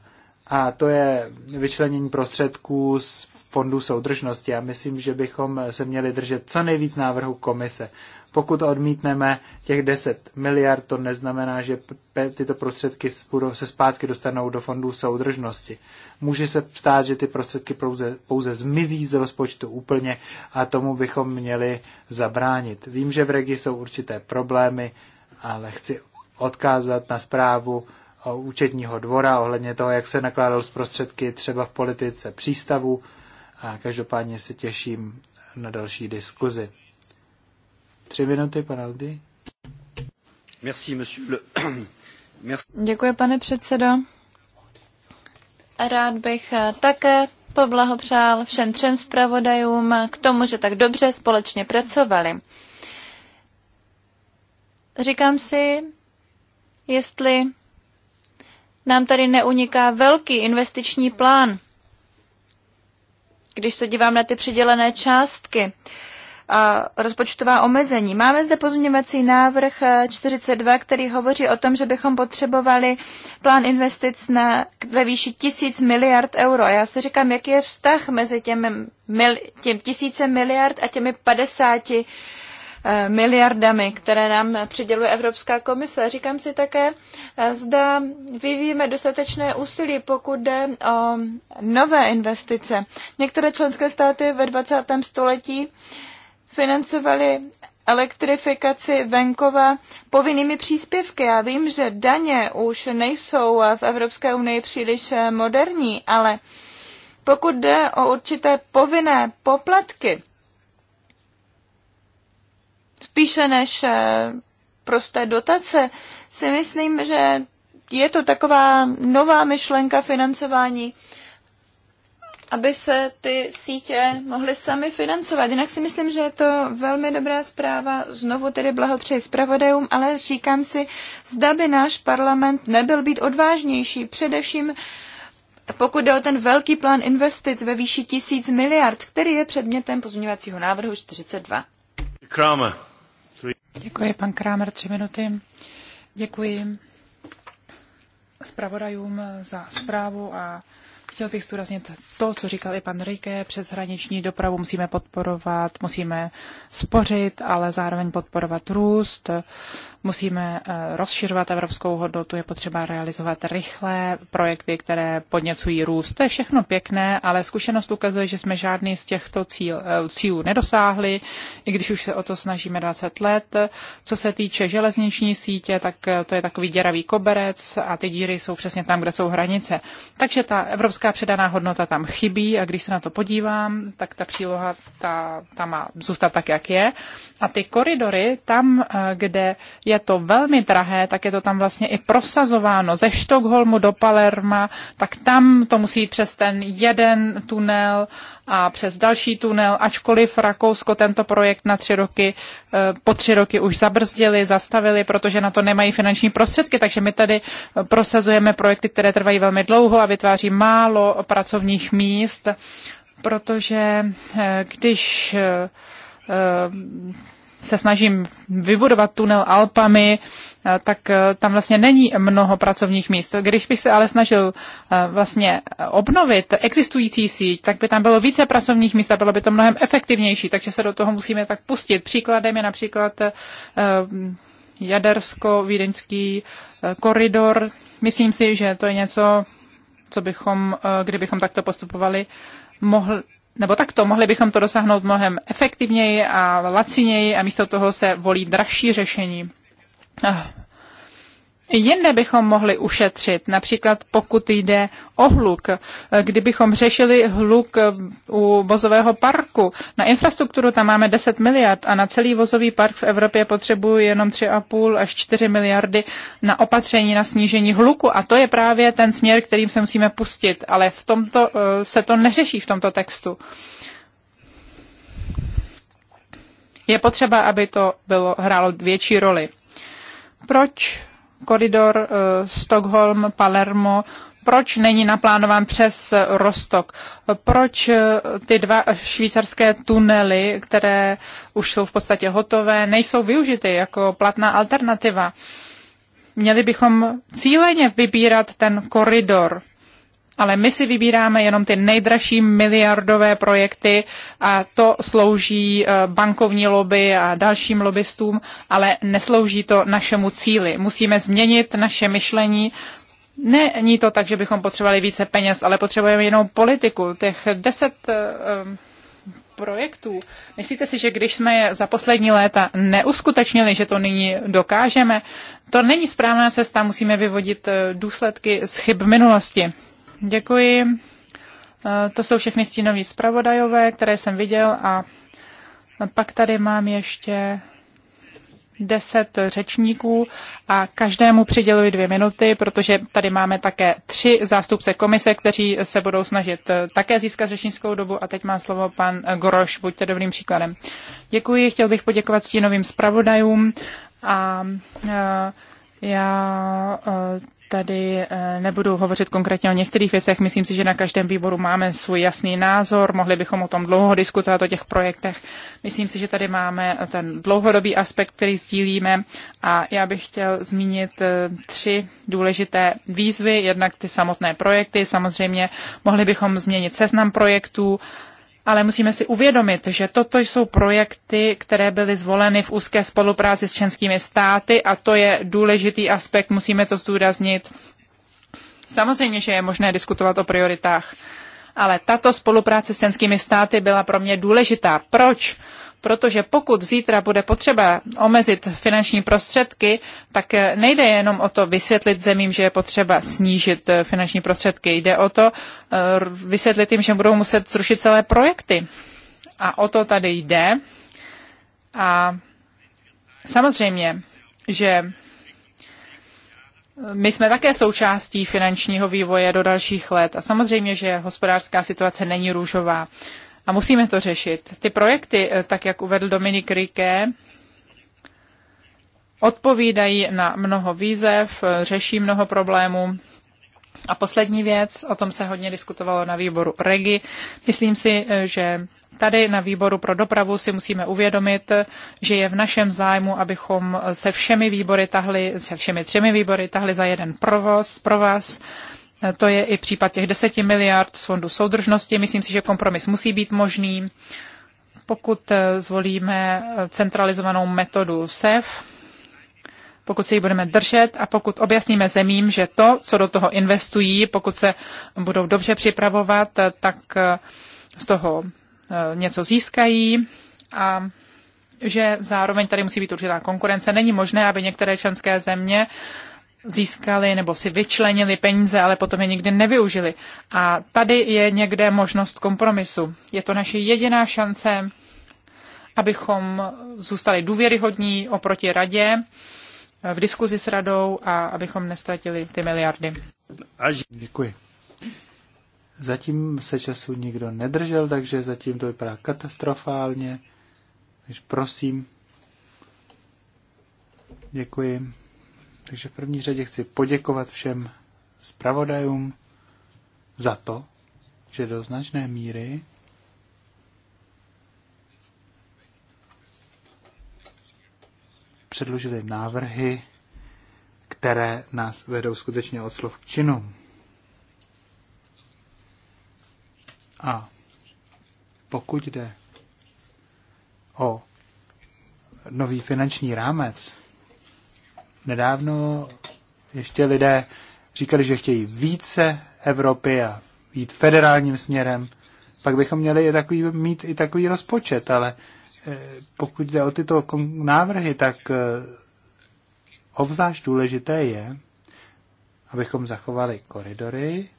a to je vyčlenění prostředků z fondu soudržnosti. Já myslím, že bychom se měli držet co nejvíc návrhu komise. Pokud odmítneme těch 10 miliard, to neznamená, že tyto prostředky se zpátky dostanou do fondů soudržnosti. Může se stát, že ty prostředky pouze, pouze zmizí z rozpočtu úplně a tomu bychom měli zabránit. Vím, že v regi jsou určité problémy, ale chci odkázat na zprávu účetního dvora ohledně toho, jak se nakládal s prostředky třeba v politice přístavu a každopádně se těším na další diskuzi. Tři minuty, pan Aldi. Merci, monsieur le... Merci.
Děkuji, pane předsedo. Rád bych eh, také poblahopřál všem třem zpravodajům k tomu, že tak dobře společně pracovali. Říkám si, jestli nám tady neuniká velký investiční plán, když se dívám na ty přidělené částky a rozpočtová omezení. Máme zde pozměňovací návrh 42, který hovoří o tom, že bychom potřebovali plán investic na, ve výši tisíc miliard euro. Já si říkám, jaký je vztah mezi těmi, mil, tím tisíce miliard a těmi 50 Eh, miliardami, které nám přiděluje Evropská komise. Říkám si také, eh, zda vyvíjíme dostatečné úsilí, pokud jde o nové investice. Některé členské státy ve 20. století financovaly elektrifikaci venkova povinnými příspěvky. Já vím, že daně už nejsou v Evropské unii příliš moderní, ale pokud jde o určité povinné poplatky, spíše než eh, prosté dotace, si myslím, že je to taková nová myšlenka financování, aby se ty sítě mohly sami financovat. Jinak si myslím, že je to velmi dobrá zpráva. Znovu tedy blahopřeji zpravodajům, ale říkám si, zda by náš parlament nebyl být odvážnější, především pokud jde o ten velký plán investic ve výši tisíc miliard, který je předmětem
pozměňovacího návrhu 42.
Kramer. Děkuji,
pan Krámer, tři minuty. Děkuji zpravodajům za zprávu a chtěl bych zdůraznit to, co říkal i pan Rike, přeshraniční dopravu musíme podporovat, musíme spořit, ale zároveň podporovat růst. Musíme eh, rozšiřovat evropskou hodnotu, je potřeba realizovat rychlé projekty, které podněcují růst. To je všechno pěkné, ale zkušenost ukazuje, že jsme žádný z těchto cíl, eh, cílů nedosáhli, i když už se o to snažíme 20 let. Co se týče železniční sítě, tak eh, to je takový děravý koberec a ty díry jsou přesně tam, kde jsou hranice. Takže ta evropská předaná hodnota tam chybí a když se na to podívám, tak ta příloha ta, ta má zůstat tak, jak je. A ty koridory tam, kde je to velmi drahé, tak je to tam vlastně i prosazováno ze Štokholmu do Palerma, tak tam to musí jít přes ten jeden tunel a přes další tunel, ačkoliv Rakousko tento projekt na tři roky, eh, po tři roky už zabrzdili, zastavili, protože na to nemají finanční prostředky, takže my tady eh, prosazujeme projekty, které trvají velmi dlouho a vytváří málo pracovních míst, protože eh, když se snažím vybudovat tunel Alpami, eh, tak eh, tam vlastně není mnoho pracovních míst. Když bych se ale snažil eh, vlastně obnovit existující síť, tak by tam bylo více pracovních míst a bylo by to mnohem efektivnější, takže se do toho musíme tak pustit. Příkladem je například jadersko-vídeňský koridor. Myslím si, že to je něco, co bychom, kdybychom takto postupovali, mohl, nebo takto, mohli bychom to dosáhnout mnohem efektivněji a laciněji a místo toho se volí dražší řešení. Ah, Jinde bychom mohli ušetřit, například pokud jde o hluk, kdybychom řešili hluk u vozového parku. Na infrastrukturu tam máme 10 miliard a na celý vozový park v Evropě potřebuje jenom 3,5 až 4 miliardy na opatření na snížení hluku a to je právě ten směr, kterým se musíme pustit, ale v tomto eh, se to neřeší v tomto textu. Je potřeba, aby to bylo hrálo větší roli. Proč koridor eh, Stockholm-Palermo, proč není naplánován přes Rostok? Proč eh, ty dva švýcarské tunely, které už jsou v podstatě hotové, nejsou využity jako platná alternativa? Měli bychom cíleně vybírat ten koridor ale my si vybíráme jenom ty nejdražší miliardové projekty a to slouží eh, bankovní lobby a dalším lobbystům, ale neslouží to našemu cíli. Musíme změnit naše myšlení, Není to tak, že bychom potřebovali více peněz, ale potřebujeme jenom politiku. Těch deset eh, projektů. Myslíte si, že když jsme je za poslední léta neuskutečnili, že to nyní dokážeme? To není správná cesta, musíme vyvodit eh, důsledky z chyb minulosti. Děkuji. E, to jsou všechny stínoví zpravodajové, které jsem viděl a pak tady mám ještě deset řečníků a každému přiděluji dvě minuty, protože tady máme také tři zástupce komise, kteří se budou snažit e, také získat řečnickou dobu a teď má slovo pan Goroš, buďte dobrým příkladem. Děkuji, chtěl bych poděkovat stínovým zpravodajům a, a e, já eh, tady eh, nebudu hovořit konkrétně o některých věcech. Myslím si, že na každém výboru máme svůj jasný názor. Mohli bychom o tom dlouho diskutovat, o těch projektech. Myslím si, že tady máme ten dlouhodobý aspekt, který sdílíme. A já bych chtěl zmínit eh, tři důležité výzvy. Jednak ty samotné projekty. Samozřejmě mohli bychom změnit seznam projektů ale musíme si uvědomit, že toto jsou projekty, které byly zvoleny v úzké spolupráci s členskými státy a to je důležitý aspekt, musíme to zdůraznit. Samozřejmě, že je možné diskutovat o prioritách, ale tato spolupráce s členskými státy byla pro mě důležitá. Proč? Protože pokud zítra bude potřeba omezit finanční prostředky, tak nejde jenom o to vysvětlit zemím, že je potřeba snížit eh, finanční prostředky. Jde o to eh, vysvětlit jim, že budou muset zrušit celé projekty. A o to tady jde. A samozřejmě, že my jsme také součástí finančního vývoje do dalších let a samozřejmě, že hospodářská situace není růžová a musíme to řešit. Ty projekty, eh, tak jak uvedl Dominik Riké, odpovídají na mnoho výzev, eh, řeší mnoho problémů. A poslední věc, o tom se hodně diskutovalo na výboru REGI. Myslím si, eh, že tady na výboru pro dopravu si musíme uvědomit, že je v našem zájmu, abychom se všemi výbory tahli, se všemi třemi výbory tahli za jeden provoz, pro vás. To je i případ těch 10 miliard z fondu soudržnosti. Myslím si, že kompromis musí být možný. Pokud eh, zvolíme eh, centralizovanou metodu SEF, pokud se jí budeme držet a pokud objasníme zemím, že to, co do toho investují, pokud se budou dobře připravovat, eh, tak z toho E, něco získají a že zároveň tady musí být určitá konkurence. Není možné, aby některé členské země získali nebo si vyčlenili peníze, ale potom je nikdy nevyužili. A tady je někde možnost kompromisu. Je to naše jediná šance, abychom zůstali důvěryhodní oproti radě e, v diskuzi s radou a abychom nestratili ty miliardy.
Děkuji. Zatím se času nikdo nedržel, takže zatím to vypadá katastrofálně. Takže prosím. Děkuji. Takže v první řadě chci poděkovat všem zpravodajům za to, že do značné míry předložili návrhy, které nás vedou skutečně od slov k činům. A pokud jde o nový finanční rámec, nedávno ještě lidé říkali, že chtějí více Evropy a jít federálním směrem, pak bychom měli i takový, mít i takový rozpočet, ale eh, pokud jde o tyto návrhy, tak eh, obzvlášť důležité je, abychom zachovali koridory,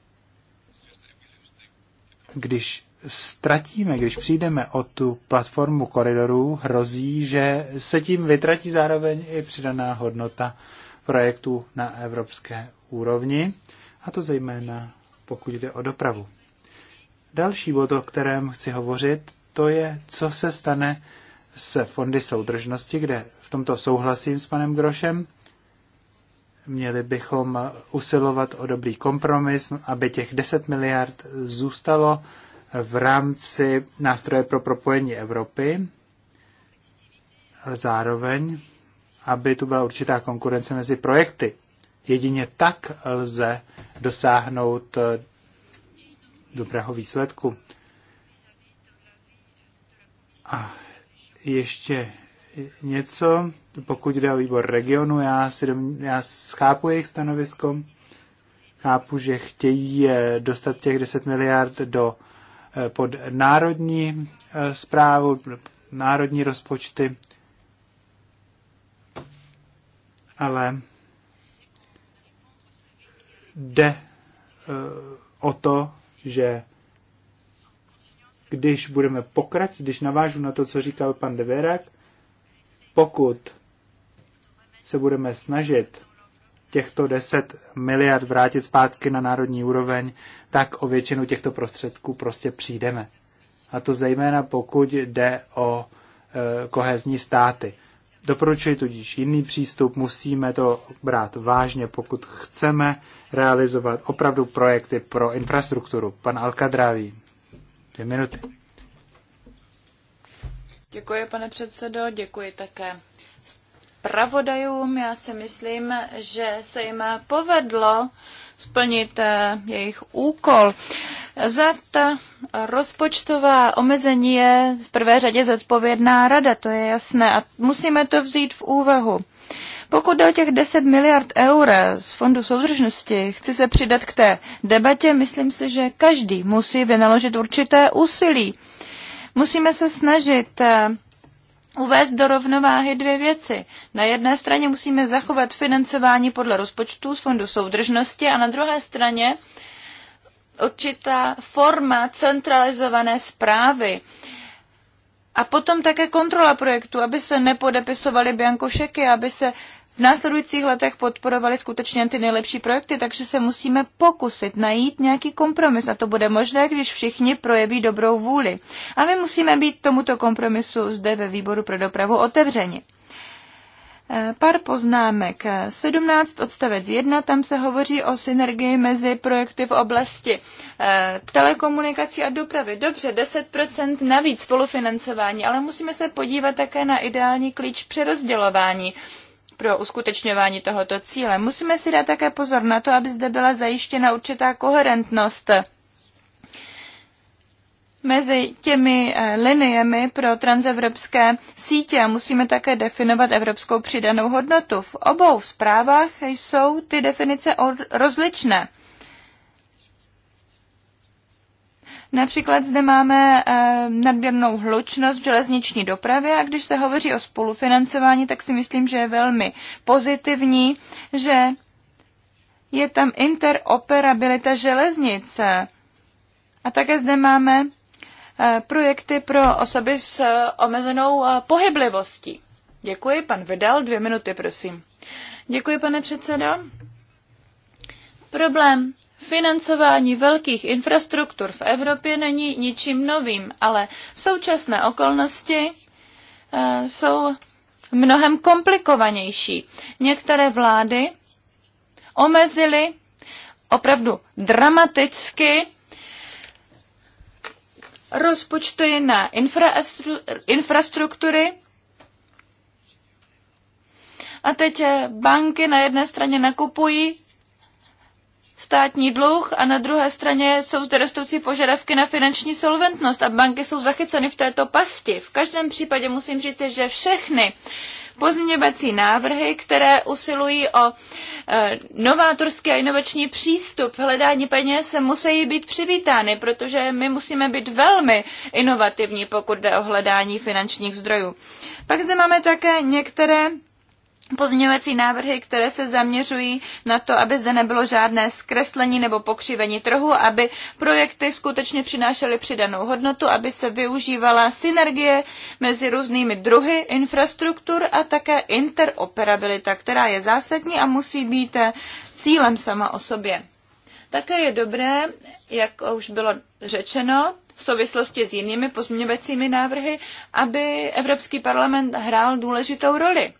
když ztratíme, když přijdeme o tu platformu koridorů, hrozí, že se tím vytratí zároveň i přidaná hodnota projektů na evropské úrovni, a to zejména pokud jde o dopravu. Další bod, o kterém chci hovořit, to je, co se stane s fondy soudržnosti, kde v tomto souhlasím s panem Grošem, Měli bychom usilovat o dobrý kompromis, aby těch 10 miliard zůstalo v rámci nástroje pro propojení Evropy, ale zároveň, aby tu byla určitá konkurence mezi projekty. Jedině tak lze dosáhnout eh, dobrého výsledku. A ještě něco pokud jde o výbor regionu, já, si dom, já schápu jejich stanovisko, chápu, že chtějí eh, dostat těch 10 miliard do eh, pod národní zprávu, eh, národní rozpočty, ale jde o to, že když budeme pokračovat, když navážu na to, co říkal pan Deverak, pokud se budeme snažit těchto 10 miliard vrátit zpátky na národní úroveň, tak o většinu těchto prostředků prostě přijdeme. A to zejména pokud jde o e, kohezní státy. Doporučuji tudíž jiný přístup, musíme to brát vážně, pokud chceme realizovat opravdu projekty pro infrastrukturu. Pan Alkadráví, dvě minuty.
Děkuji, pane předsedo, děkuji také zpravodajům. Já si myslím, že se jim povedlo splnit eh, jejich úkol. Za ta rozpočtová omezení je v prvé řadě zodpovědná rada, to je jasné, a musíme to vzít v úvahu. Pokud jde o těch 10 miliard eur z Fondu soudržnosti, chci se přidat k té debatě, myslím si, že každý musí vynaložit určité úsilí. Musíme se snažit eh, uvést do rovnováhy dvě věci. Na jedné straně musíme zachovat financování podle rozpočtu z Fondu soudržnosti a na druhé straně určitá forma centralizované zprávy. A potom také kontrola projektu, aby se nepodepisovaly biankošeky, aby se v následujících letech podporovali skutečně ty nejlepší projekty, takže se musíme pokusit najít nějaký kompromis a to bude možné, když všichni projeví dobrou vůli. A my musíme být tomuto kompromisu zde ve výboru pro dopravu otevřeni. Eh, pár poznámek. 17 odstavec 1, tam se hovoří o synergii mezi projekty v oblasti eh, telekomunikací a dopravy. Dobře, 10% navíc spolufinancování, ale musíme se podívat také na ideální klíč přerozdělování pro uskutečňování tohoto cíle. Musíme si dát také pozor na to, aby zde byla zajištěna určitá koherentnost mezi těmi eh, liniemi pro transevropské sítě a musíme také definovat evropskou přidanou hodnotu. V obou zprávách jsou ty definice rozličné. Například zde máme eh, nadměrnou hlučnost v železniční dopravě a když se hovoří o spolufinancování, tak si myslím, že je velmi pozitivní, že je tam interoperabilita železnice. A také zde máme eh, projekty pro osoby s eh, omezenou pohyblivostí. Děkuji, pan Vidal, dvě minuty, prosím. Děkuji, pane předsedo. Problém Financování velkých infrastruktur v Evropě není ničím novým, ale současné okolnosti eh, jsou mnohem komplikovanější. Některé vlády omezily opravdu dramaticky rozpočty na infra, infrastruktury. A teď eh, banky na jedné straně nakupují státní dluh a na druhé straně jsou zde rostoucí požadavky na finanční solventnost a banky jsou zachyceny v této pasti. V každém případě musím říct, že všechny pozměňovací návrhy, které usilují o e, novátorský a inovační přístup v hledání peněz, musí být přivítány, protože my musíme být velmi inovativní, pokud jde o hledání finančních zdrojů. Pak zde máme také některé pozměňovací návrhy, které se zaměřují na to, aby zde nebylo žádné zkreslení nebo pokřivení trhu, aby projekty skutečně přinášely přidanou hodnotu, aby se využívala synergie mezi různými druhy infrastruktur a také interoperabilita, která je zásadní a musí být cílem sama o sobě. Také je dobré, jak už bylo řečeno, v souvislosti s jinými pozměňovacími návrhy, aby Evropský parlament hrál důležitou roli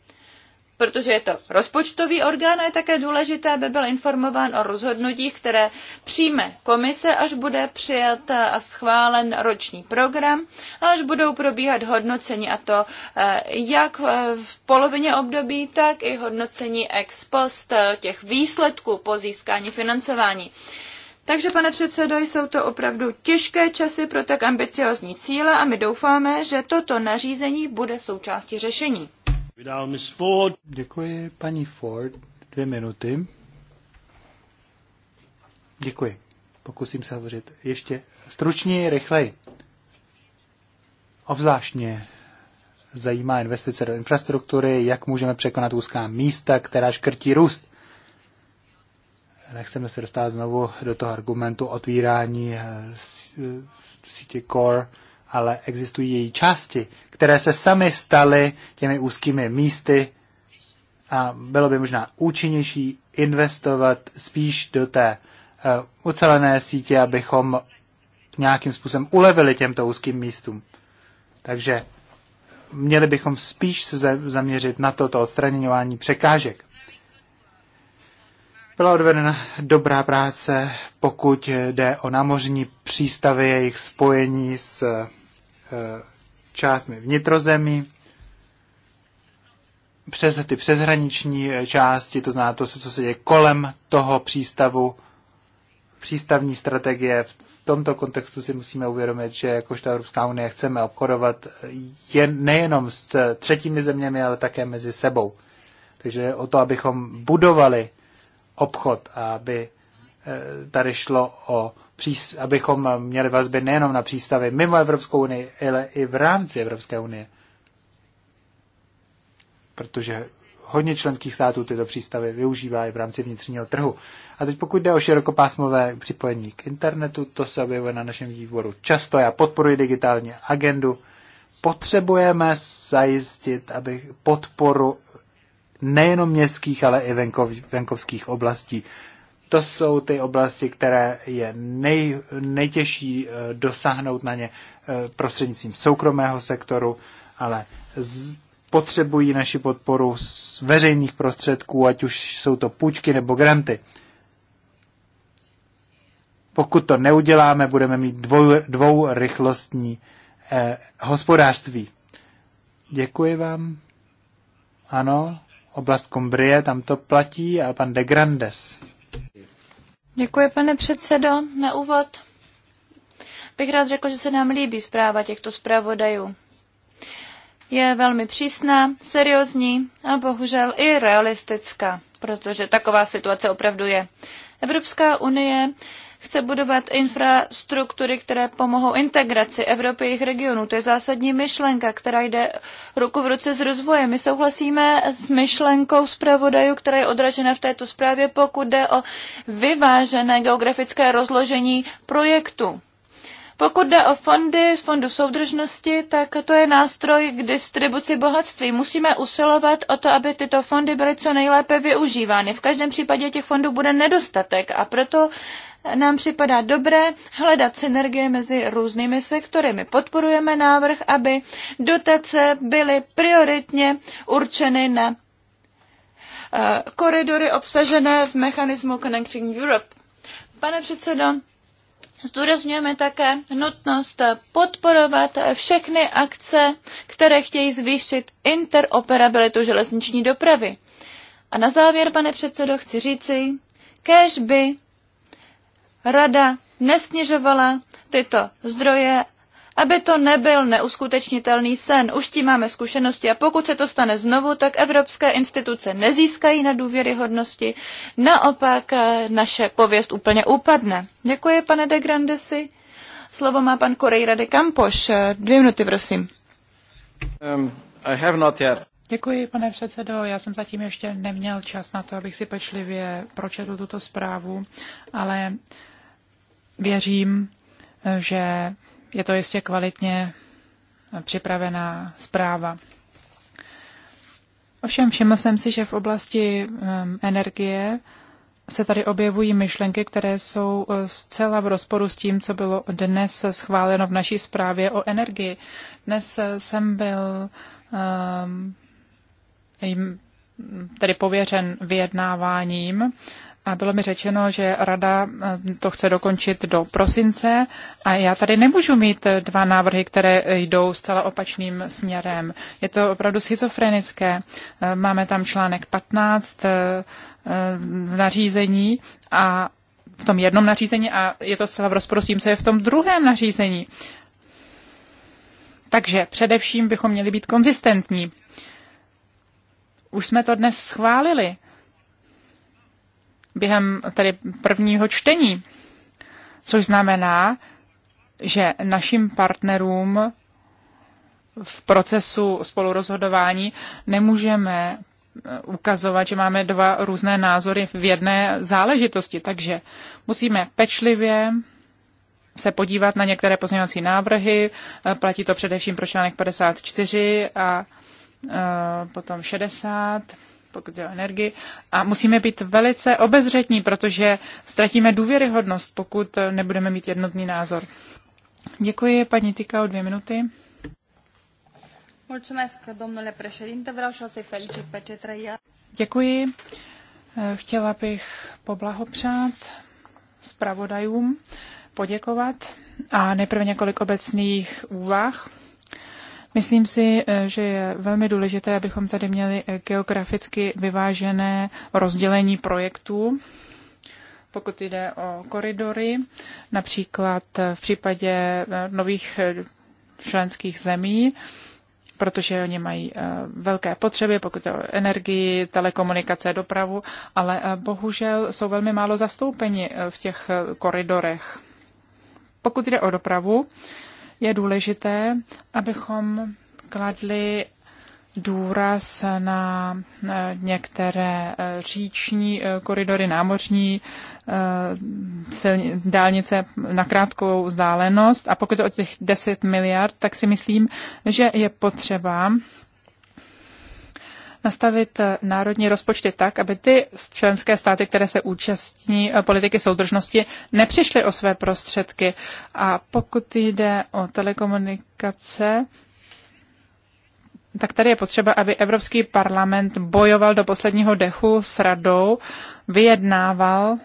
protože je to rozpočtový orgán a je také důležité, aby byl informován o rozhodnutích, které přijme komise, až bude přijat a schválen roční program až budou probíhat hodnocení a to eh, jak eh, v polovině období, tak i hodnocení ex post eh, těch výsledků po získání financování. Takže, pane předsedo, jsou to opravdu těžké časy pro tak ambiciozní cíle a my doufáme, že toto nařízení bude součástí řešení.
Vydal Miss Ford. Děkuji, paní Ford. Dvě minuty. Děkuji. Pokusím se hovořit ještě stručněji, rychleji. Obzvláštně zajímá investice do infrastruktury, jak můžeme překonat úzká místa, která škrtí růst. Nechceme se dostat znovu do toho argumentu otvírání eh, eh, sítě core ale existují její části, které se sami staly těmi úzkými místy a bylo by možná účinnější investovat spíš do té uh, ucelené sítě, abychom nějakým způsobem ulevili těmto úzkým místům. Takže měli bychom spíš se zaměřit na toto odstraňování překážek. Byla odvedena dobrá práce, pokud jde o námořní přístavy, jejich spojení s Eh, částmi vnitrozemí, přes ty přeshraniční eh, části, to zná to, co se děje kolem toho přístavu, přístavní strategie. V tomto kontextu si musíme uvědomit, že jakožto Evropská unie chceme obchodovat jen, nejenom s eh, třetími zeměmi, ale také mezi sebou. Takže o to, abychom budovali obchod a aby tady šlo o abychom měli vazby nejenom na přístavy mimo Evropskou unii, ale i v rámci Evropské unie. Protože hodně členských států tyto přístavy využívá i v rámci vnitřního trhu. A teď pokud jde o širokopásmové připojení k internetu, to se objevuje na našem výboru často. Já podporuji digitální agendu. Potřebujeme zajistit, aby podporu nejenom městských, ale i venkov, venkovských oblastí. To jsou ty oblasti, které je nej, nejtěžší eh, dosáhnout na ně eh, prostřednictvím soukromého sektoru, ale z, potřebují naši podporu z veřejných prostředků, ať už jsou to půjčky nebo granty. Pokud to neuděláme, budeme mít dvou, dvourychlostní eh, hospodářství. Děkuji vám. Ano, oblast Kumbrie, tam to platí a pan de Grandes.
Děkuji, pane předsedo. Na úvod bych rád řekl, že se nám líbí zpráva těchto zpravodajů. Je velmi přísná, seriózní a bohužel i realistická, protože taková situace opravdu je. Evropská unie chce budovat infrastruktury, které pomohou integraci Evropy a jejich regionů. To je zásadní myšlenka, která jde ruku v ruce s rozvojem. My souhlasíme s myšlenkou zpravodajů, která je odražena v této zprávě, pokud jde o vyvážené geografické rozložení projektu. Pokud jde o fondy z Fondu soudržnosti, tak to je nástroj k distribuci bohatství. Musíme usilovat o to, aby tyto fondy byly co nejlépe využívány. V každém případě těch fondů bude nedostatek a proto nám připadá dobré hledat synergie mezi různými sektory. My podporujeme návrh, aby dotace byly prioritně určeny na eh, koridory obsažené v mechanismu Connecting Europe. Pane předsedo, Zdůrazňujeme také nutnost podporovat všechny akce, které chtějí zvýšit interoperabilitu železniční dopravy. A na závěr, pane předsedo, chci říci, kež by rada nesnižovala tyto zdroje, aby to nebyl neuskutečnitelný sen. Už tím máme zkušenosti a pokud se to stane znovu, tak evropské instituce nezískají na důvěryhodnosti, naopak eh, naše pověst úplně upadne. Děkuji, pane de Grandesi. Slovo má pan Korej de Campos. Eh, dvě minuty, prosím. Um, I have not yet.
Děkuji, pane předsedo. Já jsem zatím ještě neměl čas na to, abych si pečlivě pročetl tuto zprávu, ale uh, Věřím, že je to jistě kvalitně připravená zpráva. Ovšem všiml jsem si, že v oblasti energie se tady objevují myšlenky, které jsou e, zcela v rozporu s tím, co bylo dnes schváleno v naší zprávě o energii. Dnes e, jsem byl um, tedy pověřen vyjednáváním a bylo mi řečeno, že rada eh, to chce dokončit do prosince a já tady nemůžu mít eh, dva návrhy, které jdou zcela opačným směrem. Je to opravdu schizofrenické. Eh, máme tam článek 15 v nařízení a v tom jednom nařízení a je to zcela v rozporu s tím, co je v tom druhém nařízení. Takže především bychom měli být konzistentní. Už jsme to dnes schválili během tady prvního čtení, což znamená, že našim partnerům v procesu spolurozhodování nemůžeme eh, ukazovat, že máme dva různé názory v jedné záležitosti. Takže musíme pečlivě se podívat na některé pozměňovací návrhy. Eh, platí to především pro článek 54 a eh, potom 60 pokud je o energii. A musíme být velice obezřetní, protože ztratíme důvěryhodnost, pokud nebudeme mít jednotný názor. Děkuji, paní o dvě minuty. Děkuji. Chtěla bych poblahopřát zpravodajům, poděkovat a nejprve několik obecných úvah. Myslím si, eh, že je velmi důležité, abychom tady měli eh, geograficky vyvážené rozdělení projektů, pokud jde o koridory, například eh, v případě nových členských zemí, protože oni mají velké potřeby, pokud je o energii, telekomunikace, dopravu, ale bohužel jsou velmi málo zastoupeni v těch koridorech. Pokud jde o dopravu, je důležité, abychom kladli důraz na některé eh, říční eh, koridory, námořní eh, dálnice na krátkou vzdálenost. A pokud je o těch 10 miliard, tak si myslím, že je potřeba nastavit eh, národní rozpočty tak, aby ty členské státy, které se účastní eh, politiky soudržnosti, nepřišly o své prostředky. A pokud jde o telekomunikace, tak tady je potřeba, aby Evropský parlament bojoval do posledního dechu s radou, vyjednával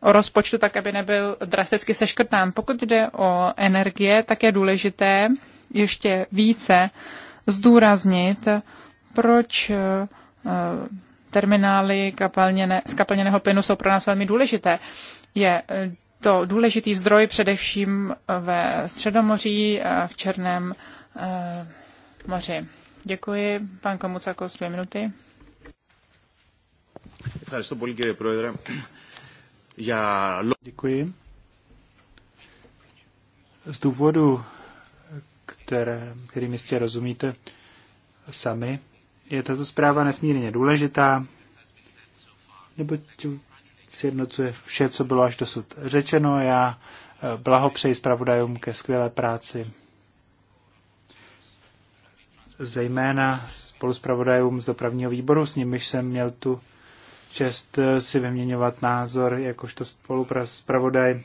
o rozpočtu tak, aby nebyl drasticky seškrtán. Pokud jde o energie, tak je důležité ještě více zdůraznit, proč eh, terminály kapalněné, skapalněného plynu jsou pro nás velmi důležité. Je eh, to důležitý zdroj především eh, ve Středomoří a v Černém moři. Děkuji. Pan Komucakos, dvě minuty.
Děkuji. Z důvodu které, kterým jistě rozumíte sami, je tato zpráva nesmírně důležitá, neboť sjednocuje vše, co bylo až dosud řečeno. Já eh, blahopřeji zpravodajům ke skvělé práci. Zejména spoluzpravodajům z dopravního výboru, s nimiž jsem měl tu čest eh, si vyměňovat názor jakožto spolupravodaj,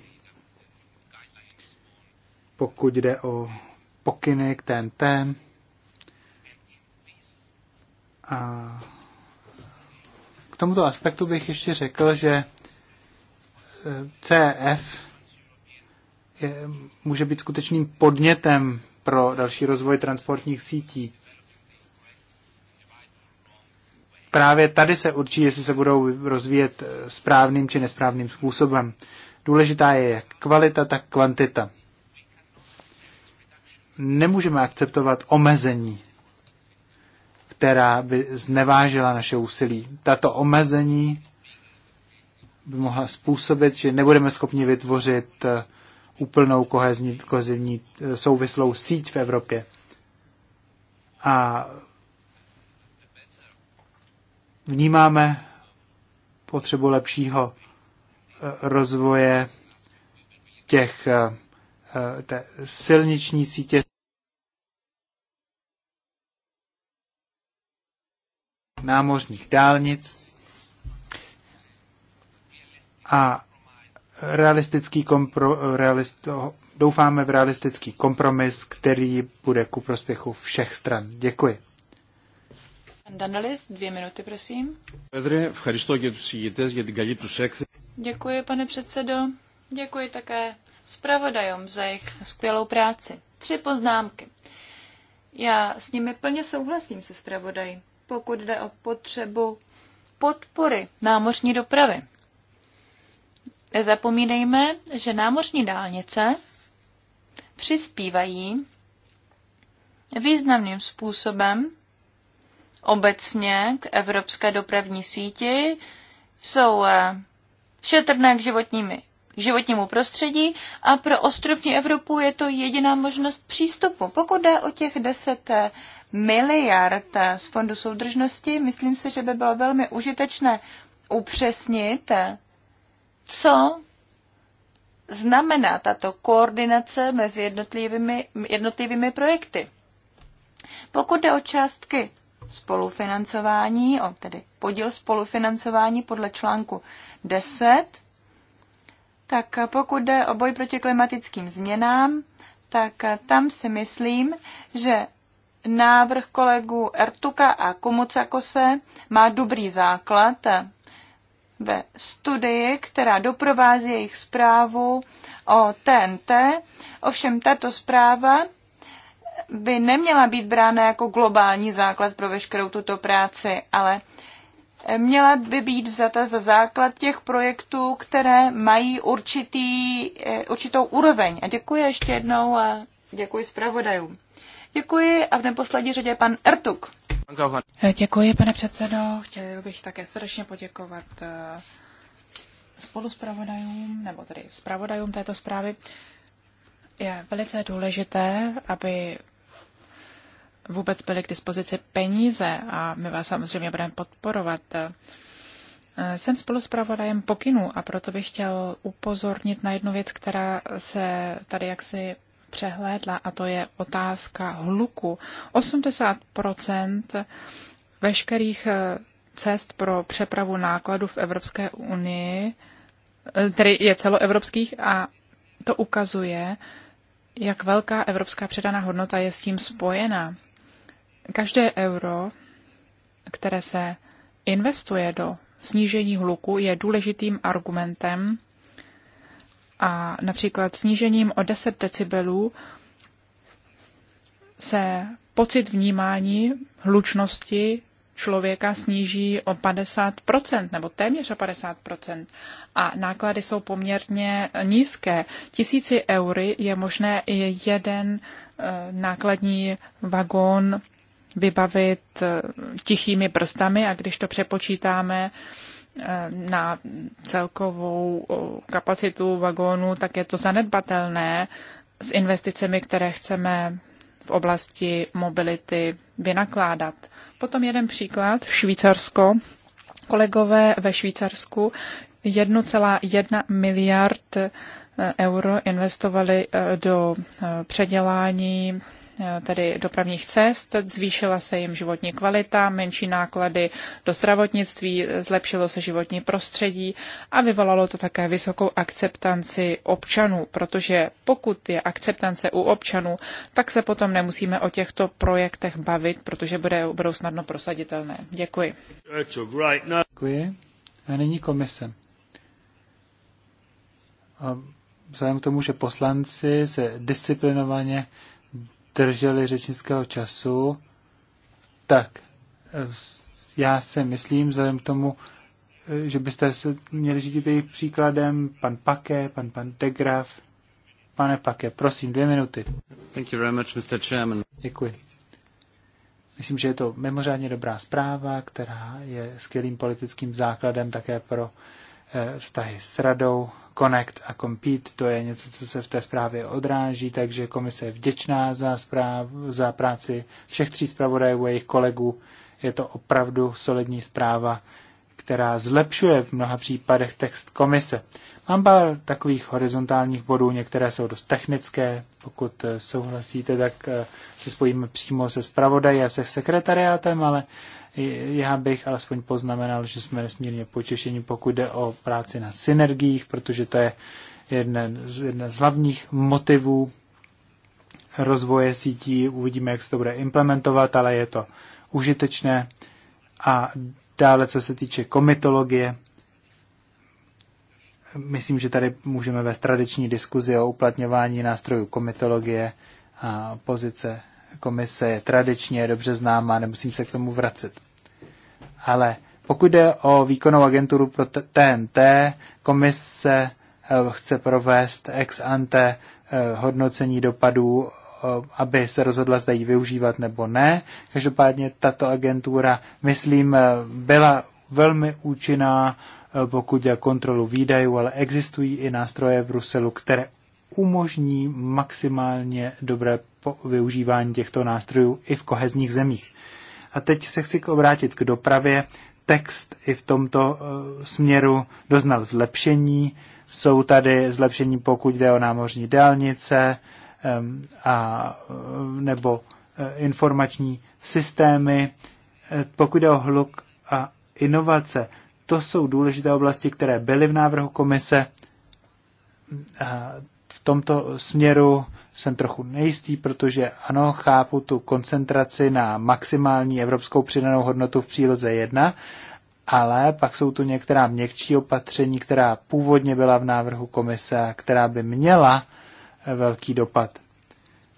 pokud jde o pokyny k TNT. A k tomuto aspektu bych ještě řekl, že e, CF je, může být skutečným podnětem pro další rozvoj transportních sítí. Právě tady se určí, jestli se budou rozvíjet e, správným či nesprávným způsobem. Důležitá je jak kvalita, tak kvantita nemůžeme akceptovat omezení, která by znevážila naše úsilí. Tato omezení by mohla způsobit, že nebudeme schopni vytvořit eh, úplnou kohezní, kohezní eh, souvislou síť v Evropě. A vnímáme potřebu lepšího eh, rozvoje těch té silniční sítě námořních dálnic a realistický kompro, realist, doufáme v realistický kompromis, který bude ku prospěchu všech stran. Děkuji.
Dandalis, dvě minuty, prosím.
Děkuji, pane předsedo. Děkuji také zpravodajům za jejich skvělou práci. Tři poznámky. Já s nimi plně souhlasím se zpravodají pokud jde o potřebu podpory námořní dopravy. Nezapomínejme, že námořní dálnice přispívají významným způsobem obecně k evropské dopravní síti, jsou eh, šetrné k životními k životnímu prostředí a pro ostrovní Evropu je to jediná možnost přístupu. Pokud jde o těch 10 miliard z Fondu soudržnosti, myslím si, že by bylo velmi užitečné upřesnit, co znamená tato koordinace mezi jednotlivými, jednotlivými projekty. Pokud jde o částky spolufinancování, o tedy podíl spolufinancování podle článku 10, tak pokud jde o boj proti klimatickým změnám, tak tam si myslím, že návrh kolegů Ertuka a Komucakose má dobrý základ ve studii, která doprovází jejich zprávu o TNT. Ovšem tato zpráva by neměla být brána jako globální základ pro veškerou tuto práci, ale měla by být vzata za základ těch projektů, které mají určitý, eh, určitou úroveň. A děkuji ještě jednou a děkuji zpravodajům.
Děkuji a v neposlední řadě pan Ertuk. Eh, děkuji, pane předsedo. Chtěl bych také srdečně poděkovat eh, spoluspravodajům, nebo tedy zpravodajům této zprávy. Je velice důležité, aby vůbec byly k dispozici peníze a my vás samozřejmě budeme podporovat. Jsem pravodajem pokynu a proto bych chtěl upozornit na jednu věc, která se tady jaksi přehlédla a to je otázka hluku. 80% veškerých eh, cest pro přepravu nákladů v Evropské unii, eh, tedy je celoevropských a to ukazuje, jak velká evropská předaná hodnota je s tím spojena každé euro, které se investuje do snížení hluku, je důležitým argumentem a například snížením o 10 decibelů se pocit vnímání hlučnosti člověka sníží o 50%, nebo téměř o 50%. A náklady jsou poměrně nízké. Tisíci eury je možné jeden eh, nákladní vagón vybavit eh, tichými prstami a když to přepočítáme eh, na celkovou kapacitu vagónu, tak je to zanedbatelné s investicemi, které chceme v oblasti mobility vynakládat. Potom jeden příklad, Švýcarsko. Kolegové ve Švýcarsku 1,1 miliard eh, euro investovali do předělání tedy dopravních cest, zvýšila se jim životní kvalita, menší náklady do zdravotnictví, zlepšilo se životní prostředí a vyvolalo to také vysokou akceptanci občanů, protože pokud je akceptance u občanů, tak se potom nemusíme o těchto projektech bavit, protože bude, budou snadno prosaditelné. Děkuji.
Děkuji. A nyní komise. A vzhledem k tomu, že poslanci se disciplinovaně drželi řečnického času, tak eh, já se myslím, vzhledem k tomu, eh, že byste se měli řídit jejich příkladem, pan Pake, pan pan Degraf. Pane Pake, prosím, dvě minuty. Thank you very much, Mr. Chairman. Děkuji. Myslím, že je to mimořádně dobrá zpráva, která je skvělým politickým základem také pro eh, vztahy s radou Connect a Compete, to je něco, co se v té zprávě odráží, takže komise je vděčná za, zpráv, za práci všech tří zpravodajů a jejich kolegů. Je to opravdu solidní zpráva, která zlepšuje v mnoha případech text komise. Mám pár takových horizontálních bodů, některé jsou dost technické. Pokud eh, souhlasíte, tak eh, se spojíme přímo se zpravodají a se sekretariátem, ale já bych alespoň poznamenal, že jsme nesmírně potěšeni, pokud jde o práci na synergiích, protože to je jeden z, jedna z hlavních motivů rozvoje sítí. Uvidíme, jak se to bude implementovat, ale je to užitečné. A Dále, co se týče komitologie, myslím, že tady můžeme vést tradiční diskuzi o uplatňování nástrojů komitologie a pozice komise je tradičně dobře známá, nemusím se k tomu vracet. Ale pokud jde o výkonnou agenturu pro TNT, komise eh, chce provést ex ante eh, hodnocení dopadů Eh, aby se rozhodla, zda ji využívat nebo ne. Každopádně tato agentura, myslím, eh, byla velmi účinná, eh, pokud je kontrolu výdajů, ale existují i nástroje v Bruselu, které umožní maximálně dobré využívání těchto nástrojů i v kohezních zemích. A teď se chci obrátit k dopravě. Text i v tomto směru doznal zlepšení. Jsou tady zlepšení, pokud jde o námořní dálnice, a, e, nebo e, informační systémy, e, pokud jde o hluk a inovace. To jsou důležité oblasti, které byly v návrhu komise. A v tomto směru jsem trochu nejistý, protože ano, chápu tu koncentraci na maximální evropskou přidanou hodnotu v příloze 1, ale pak jsou tu některá měkčí opatření, která původně byla v návrhu komise, která by měla uh, velký dopad.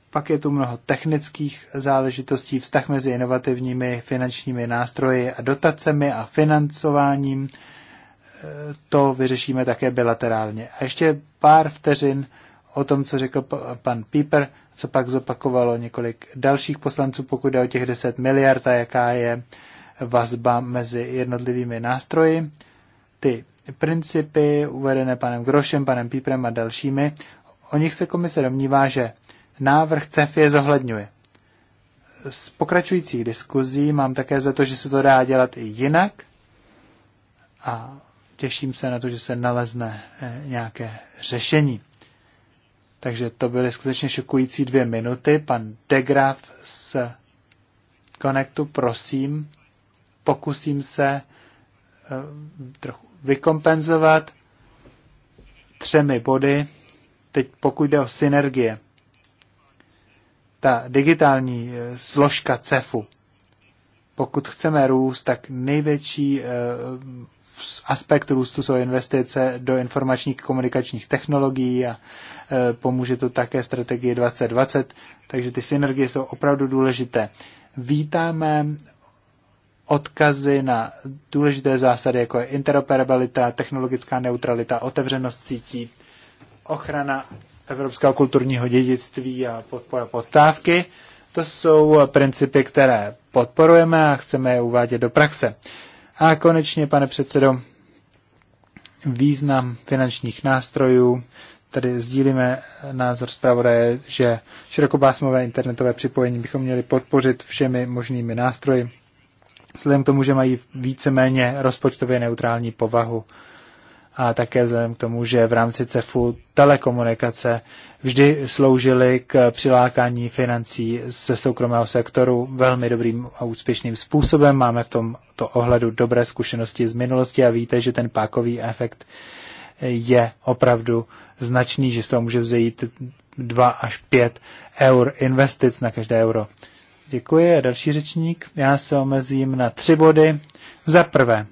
Pak je tu mnoho technických záležitostí, vztah mezi inovativními finančními nástroji a dotacemi a financováním. To vyřešíme také bilaterálně. A ještě pár vteřin o tom, co řekl pan Pieper, co pak zopakovalo několik dalších poslanců, pokud jde o těch 10 miliard a jaká je vazba mezi jednotlivými nástroji. Ty principy uvedené panem Grošem, panem Píprem a dalšími o nich se komise domnívá, že návrh CEF je zohledňuje. Z pokračujících diskuzí mám také za to, že se to dá dělat i jinak a těším se na to, že se nalezne eh, nějaké řešení. Takže to byly skutečně šokující dvě minuty. Pan Degraf z Connectu, prosím, pokusím se eh, trochu vykompenzovat třemi body teď pokud jde o synergie, ta digitální eh, složka CEFu, pokud chceme růst, tak největší eh, aspekt růstu jsou investice do informačních komunikačních technologií a eh, pomůže to také strategii 2020, takže ty synergie jsou opravdu důležité. Vítáme odkazy na důležité zásady, jako je interoperabilita, technologická neutralita, otevřenost sítí, ochrana evropského kulturního dědictví a podpora poptávky. To jsou principy, které podporujeme a chceme je uvádět do praxe. A konečně, pane předsedo, význam finančních nástrojů. Tady sdílíme názor zpravodaje, že širokopásmové internetové připojení bychom měli podpořit všemi možnými nástroji, vzhledem k tomu, že mají víceméně rozpočtově neutrální povahu a také vzhledem k tomu, že v rámci CEFu telekomunikace vždy sloužily k přilákání financí ze soukromého sektoru velmi dobrým a úspěšným způsobem. Máme v tomto ohledu dobré zkušenosti z minulosti a víte, že ten pákový efekt je opravdu značný, že z toho může vzejít 2 až 5 eur investic na každé euro. Děkuji. A další řečník. Já se omezím na tři body. Za prvé,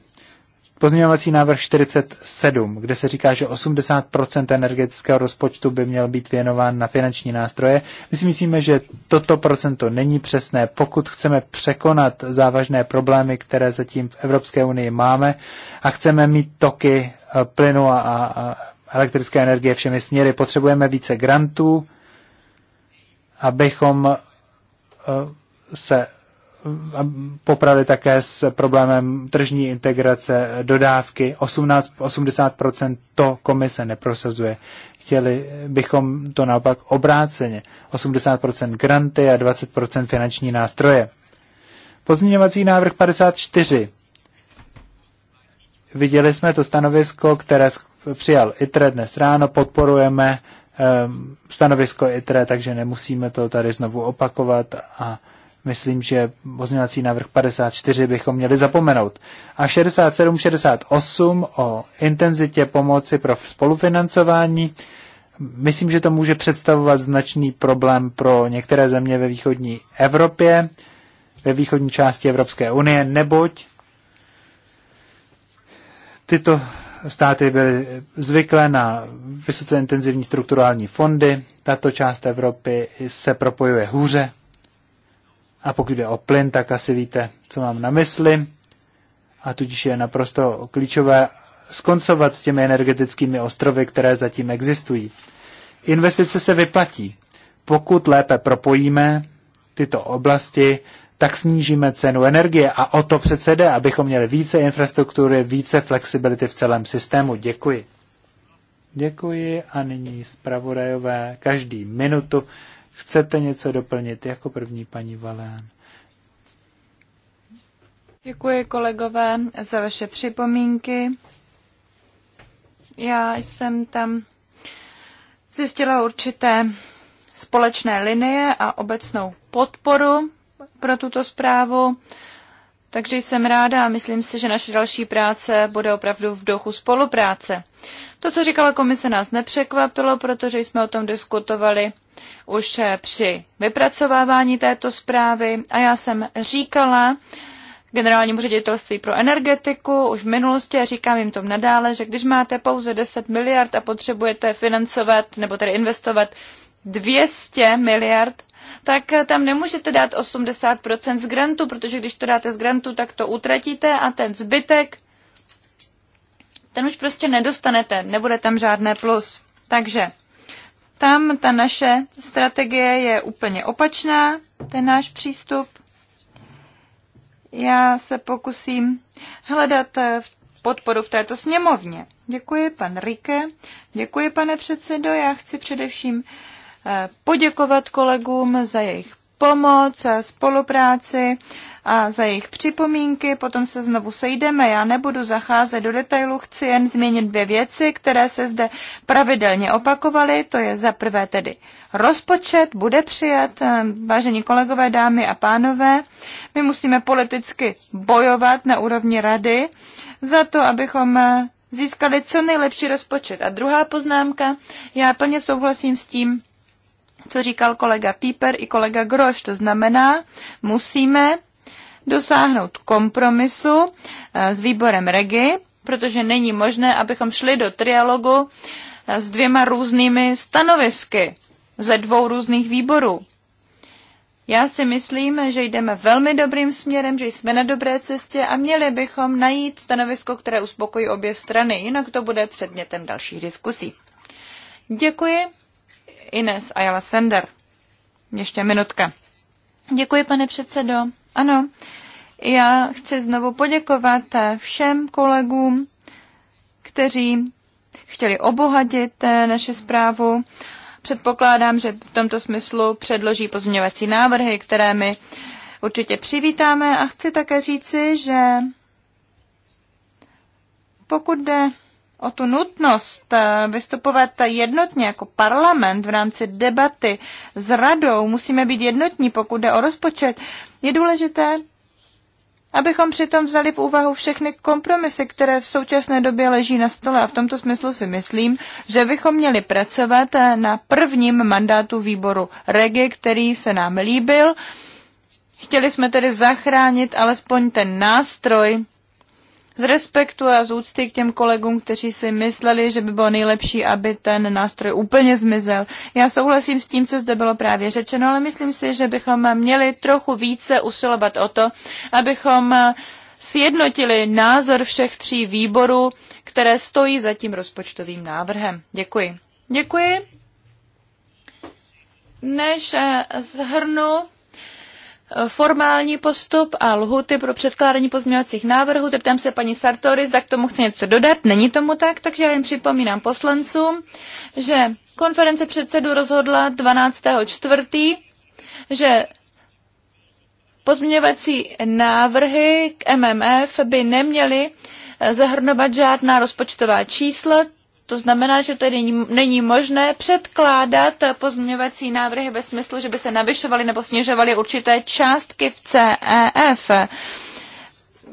Pozměňovací návrh 47, kde se říká, že 80% energetického rozpočtu by měl být věnován na finanční nástroje. My si myslíme, že toto procento není přesné. Pokud chceme překonat závažné problémy, které zatím v Evropské unii máme a chceme mít toky eh, plynu a, a elektrické energie všemi směry, potřebujeme více grantů, abychom eh, se popravy také s problémem tržní integrace dodávky. 18, 80% to komise neprosazuje. Chtěli bychom to naopak obráceně. 80% granty a 20% finanční nástroje. Pozměňovací návrh 54. Viděli jsme to stanovisko, které přijal ITRE dnes ráno. Podporujeme ehm, stanovisko ITRE, takže nemusíme to tady znovu opakovat a Myslím, že pozměňovací návrh 54 bychom měli zapomenout. A 67-68 o intenzitě pomoci pro spolufinancování. Myslím, že to může představovat značný problém pro některé země ve východní Evropě, ve východní části Evropské unie, neboť tyto státy byly zvyklé na vysoce intenzivní strukturální fondy. Tato část Evropy se propojuje hůře a pokud jde o plyn, tak asi víte, co mám na mysli. A tudíž je naprosto klíčové skoncovat s těmi energetickými ostrovy, které zatím existují. Investice se vyplatí. Pokud lépe propojíme tyto oblasti, tak snížíme cenu energie a o to přece jde, abychom měli více infrastruktury, více flexibility v celém systému. Děkuji. Děkuji a nyní zpravodajové každý minutu. Chcete něco doplnit? Jako první paní Valén.
Děkuji kolegové za vaše připomínky. Já jsem tam zjistila určité společné linie a obecnou podporu pro tuto zprávu. Takže jsem ráda a myslím si, že naše další práce bude opravdu v duchu spolupráce. To, co říkala komise, nás nepřekvapilo, protože jsme o tom diskutovali už eh, při vypracovávání této zprávy a já jsem říkala generálnímu ředitelství pro energetiku už v minulosti a říkám jim to nadále, že když máte pouze 10 miliard a potřebujete financovat nebo tedy investovat 200 miliard, tak eh, tam nemůžete dát 80% z grantu, protože když to dáte z grantu, tak to utratíte a ten zbytek, ten už prostě nedostanete, nebude tam žádné plus. Takže tam ta naše strategie je úplně opačná, ten náš přístup. Já se pokusím hledat eh, podporu v této sněmovně. Děkuji, pan Rike. Děkuji, pane předsedo. Já chci především eh, poděkovat kolegům za jejich pomoc, spolupráci a za jejich připomínky. Potom se znovu sejdeme. Já nebudu zacházet do detailu, chci jen změnit dvě věci, které se zde pravidelně opakovaly. To je za prvé tedy rozpočet, bude přijat. Vážení kolegové, dámy a pánové, my musíme politicky bojovat na úrovni rady za to, abychom získali co nejlepší rozpočet. A druhá poznámka, já plně souhlasím s tím, co říkal kolega Píper i kolega Groš. To znamená, musíme dosáhnout kompromisu eh, s výborem Regi, protože není možné, abychom šli do trialogu eh, s dvěma různými stanovisky ze dvou různých výborů. Já si myslím, že jdeme velmi dobrým směrem, že jsme na dobré cestě a měli bychom najít stanovisko, které uspokojí obě strany, jinak to bude předmětem dalších diskusí. Děkuji. Ines Ayala Sender. Ještě minutka. Děkuji, pane předsedo. Ano, já chci znovu poděkovat všem kolegům, kteří chtěli obohatit eh, naše zprávu. Předpokládám, že v tomto smyslu předloží pozměňovací návrhy, které my určitě přivítáme a chci také říci, že pokud jde o tu nutnost eh, vystupovat jednotně jako parlament v rámci debaty s radou, musíme být jednotní, pokud jde o rozpočet, je důležité, abychom přitom vzali v úvahu všechny kompromisy, které v současné době leží na stole. A v tomto smyslu si myslím, že bychom měli pracovat eh, na prvním mandátu výboru REGI, který se nám líbil. Chtěli jsme tedy zachránit alespoň ten nástroj, z respektu a z úcty k těm kolegům, kteří si mysleli, že by bylo nejlepší, aby ten nástroj úplně zmizel. Já souhlasím s tím, co zde bylo právě řečeno, ale myslím si, že bychom měli trochu více usilovat o to, abychom sjednotili názor všech tří výborů, které stojí za tím rozpočtovým návrhem. Děkuji. Děkuji. Než eh, zhrnu formální postup a lhuty pro předkládání pozměňovacích návrhů. Zeptám se paní Sartori, zda k tomu chce něco dodat. Není tomu tak, takže já jim připomínám poslancům, že konference předsedů rozhodla 12. že pozměňovací návrhy k MMF by neměly zahrnovat žádná rozpočtová čísla, to znamená, že tedy není možné předkládat pozměňovací návrhy ve smyslu, že by se navyšovaly nebo snižovaly určité částky v CEF.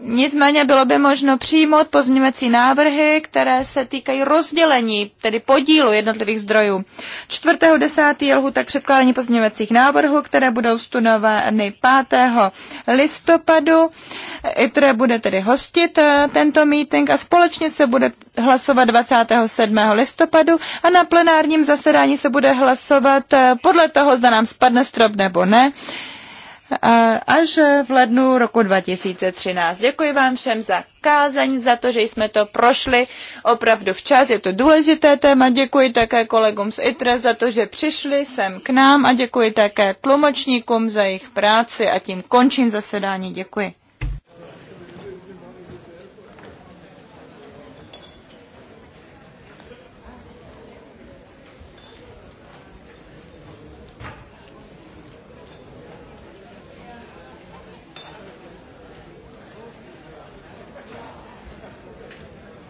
Nicméně bylo by možno přijmout pozměňovací návrhy, které se týkají rozdělení, tedy podílu jednotlivých zdrojů. 4.10. je lhůta k předkládání pozměňovacích návrhů, které budou studovány 5. listopadu. ITRE bude tedy hostit eh, tento meeting a společně se bude hlasovat 27. listopadu a na plenárním zasedání se bude hlasovat eh, podle toho, zda nám spadne strop nebo ne až v lednu roku 2013. Děkuji vám všem za kázeň, za to, že jsme to prošli opravdu včas. Je to důležité téma. Děkuji také kolegům z ITRE za to, že přišli sem k nám a děkuji také tlumočníkům za jejich práci a tím končím zasedání. Děkuji.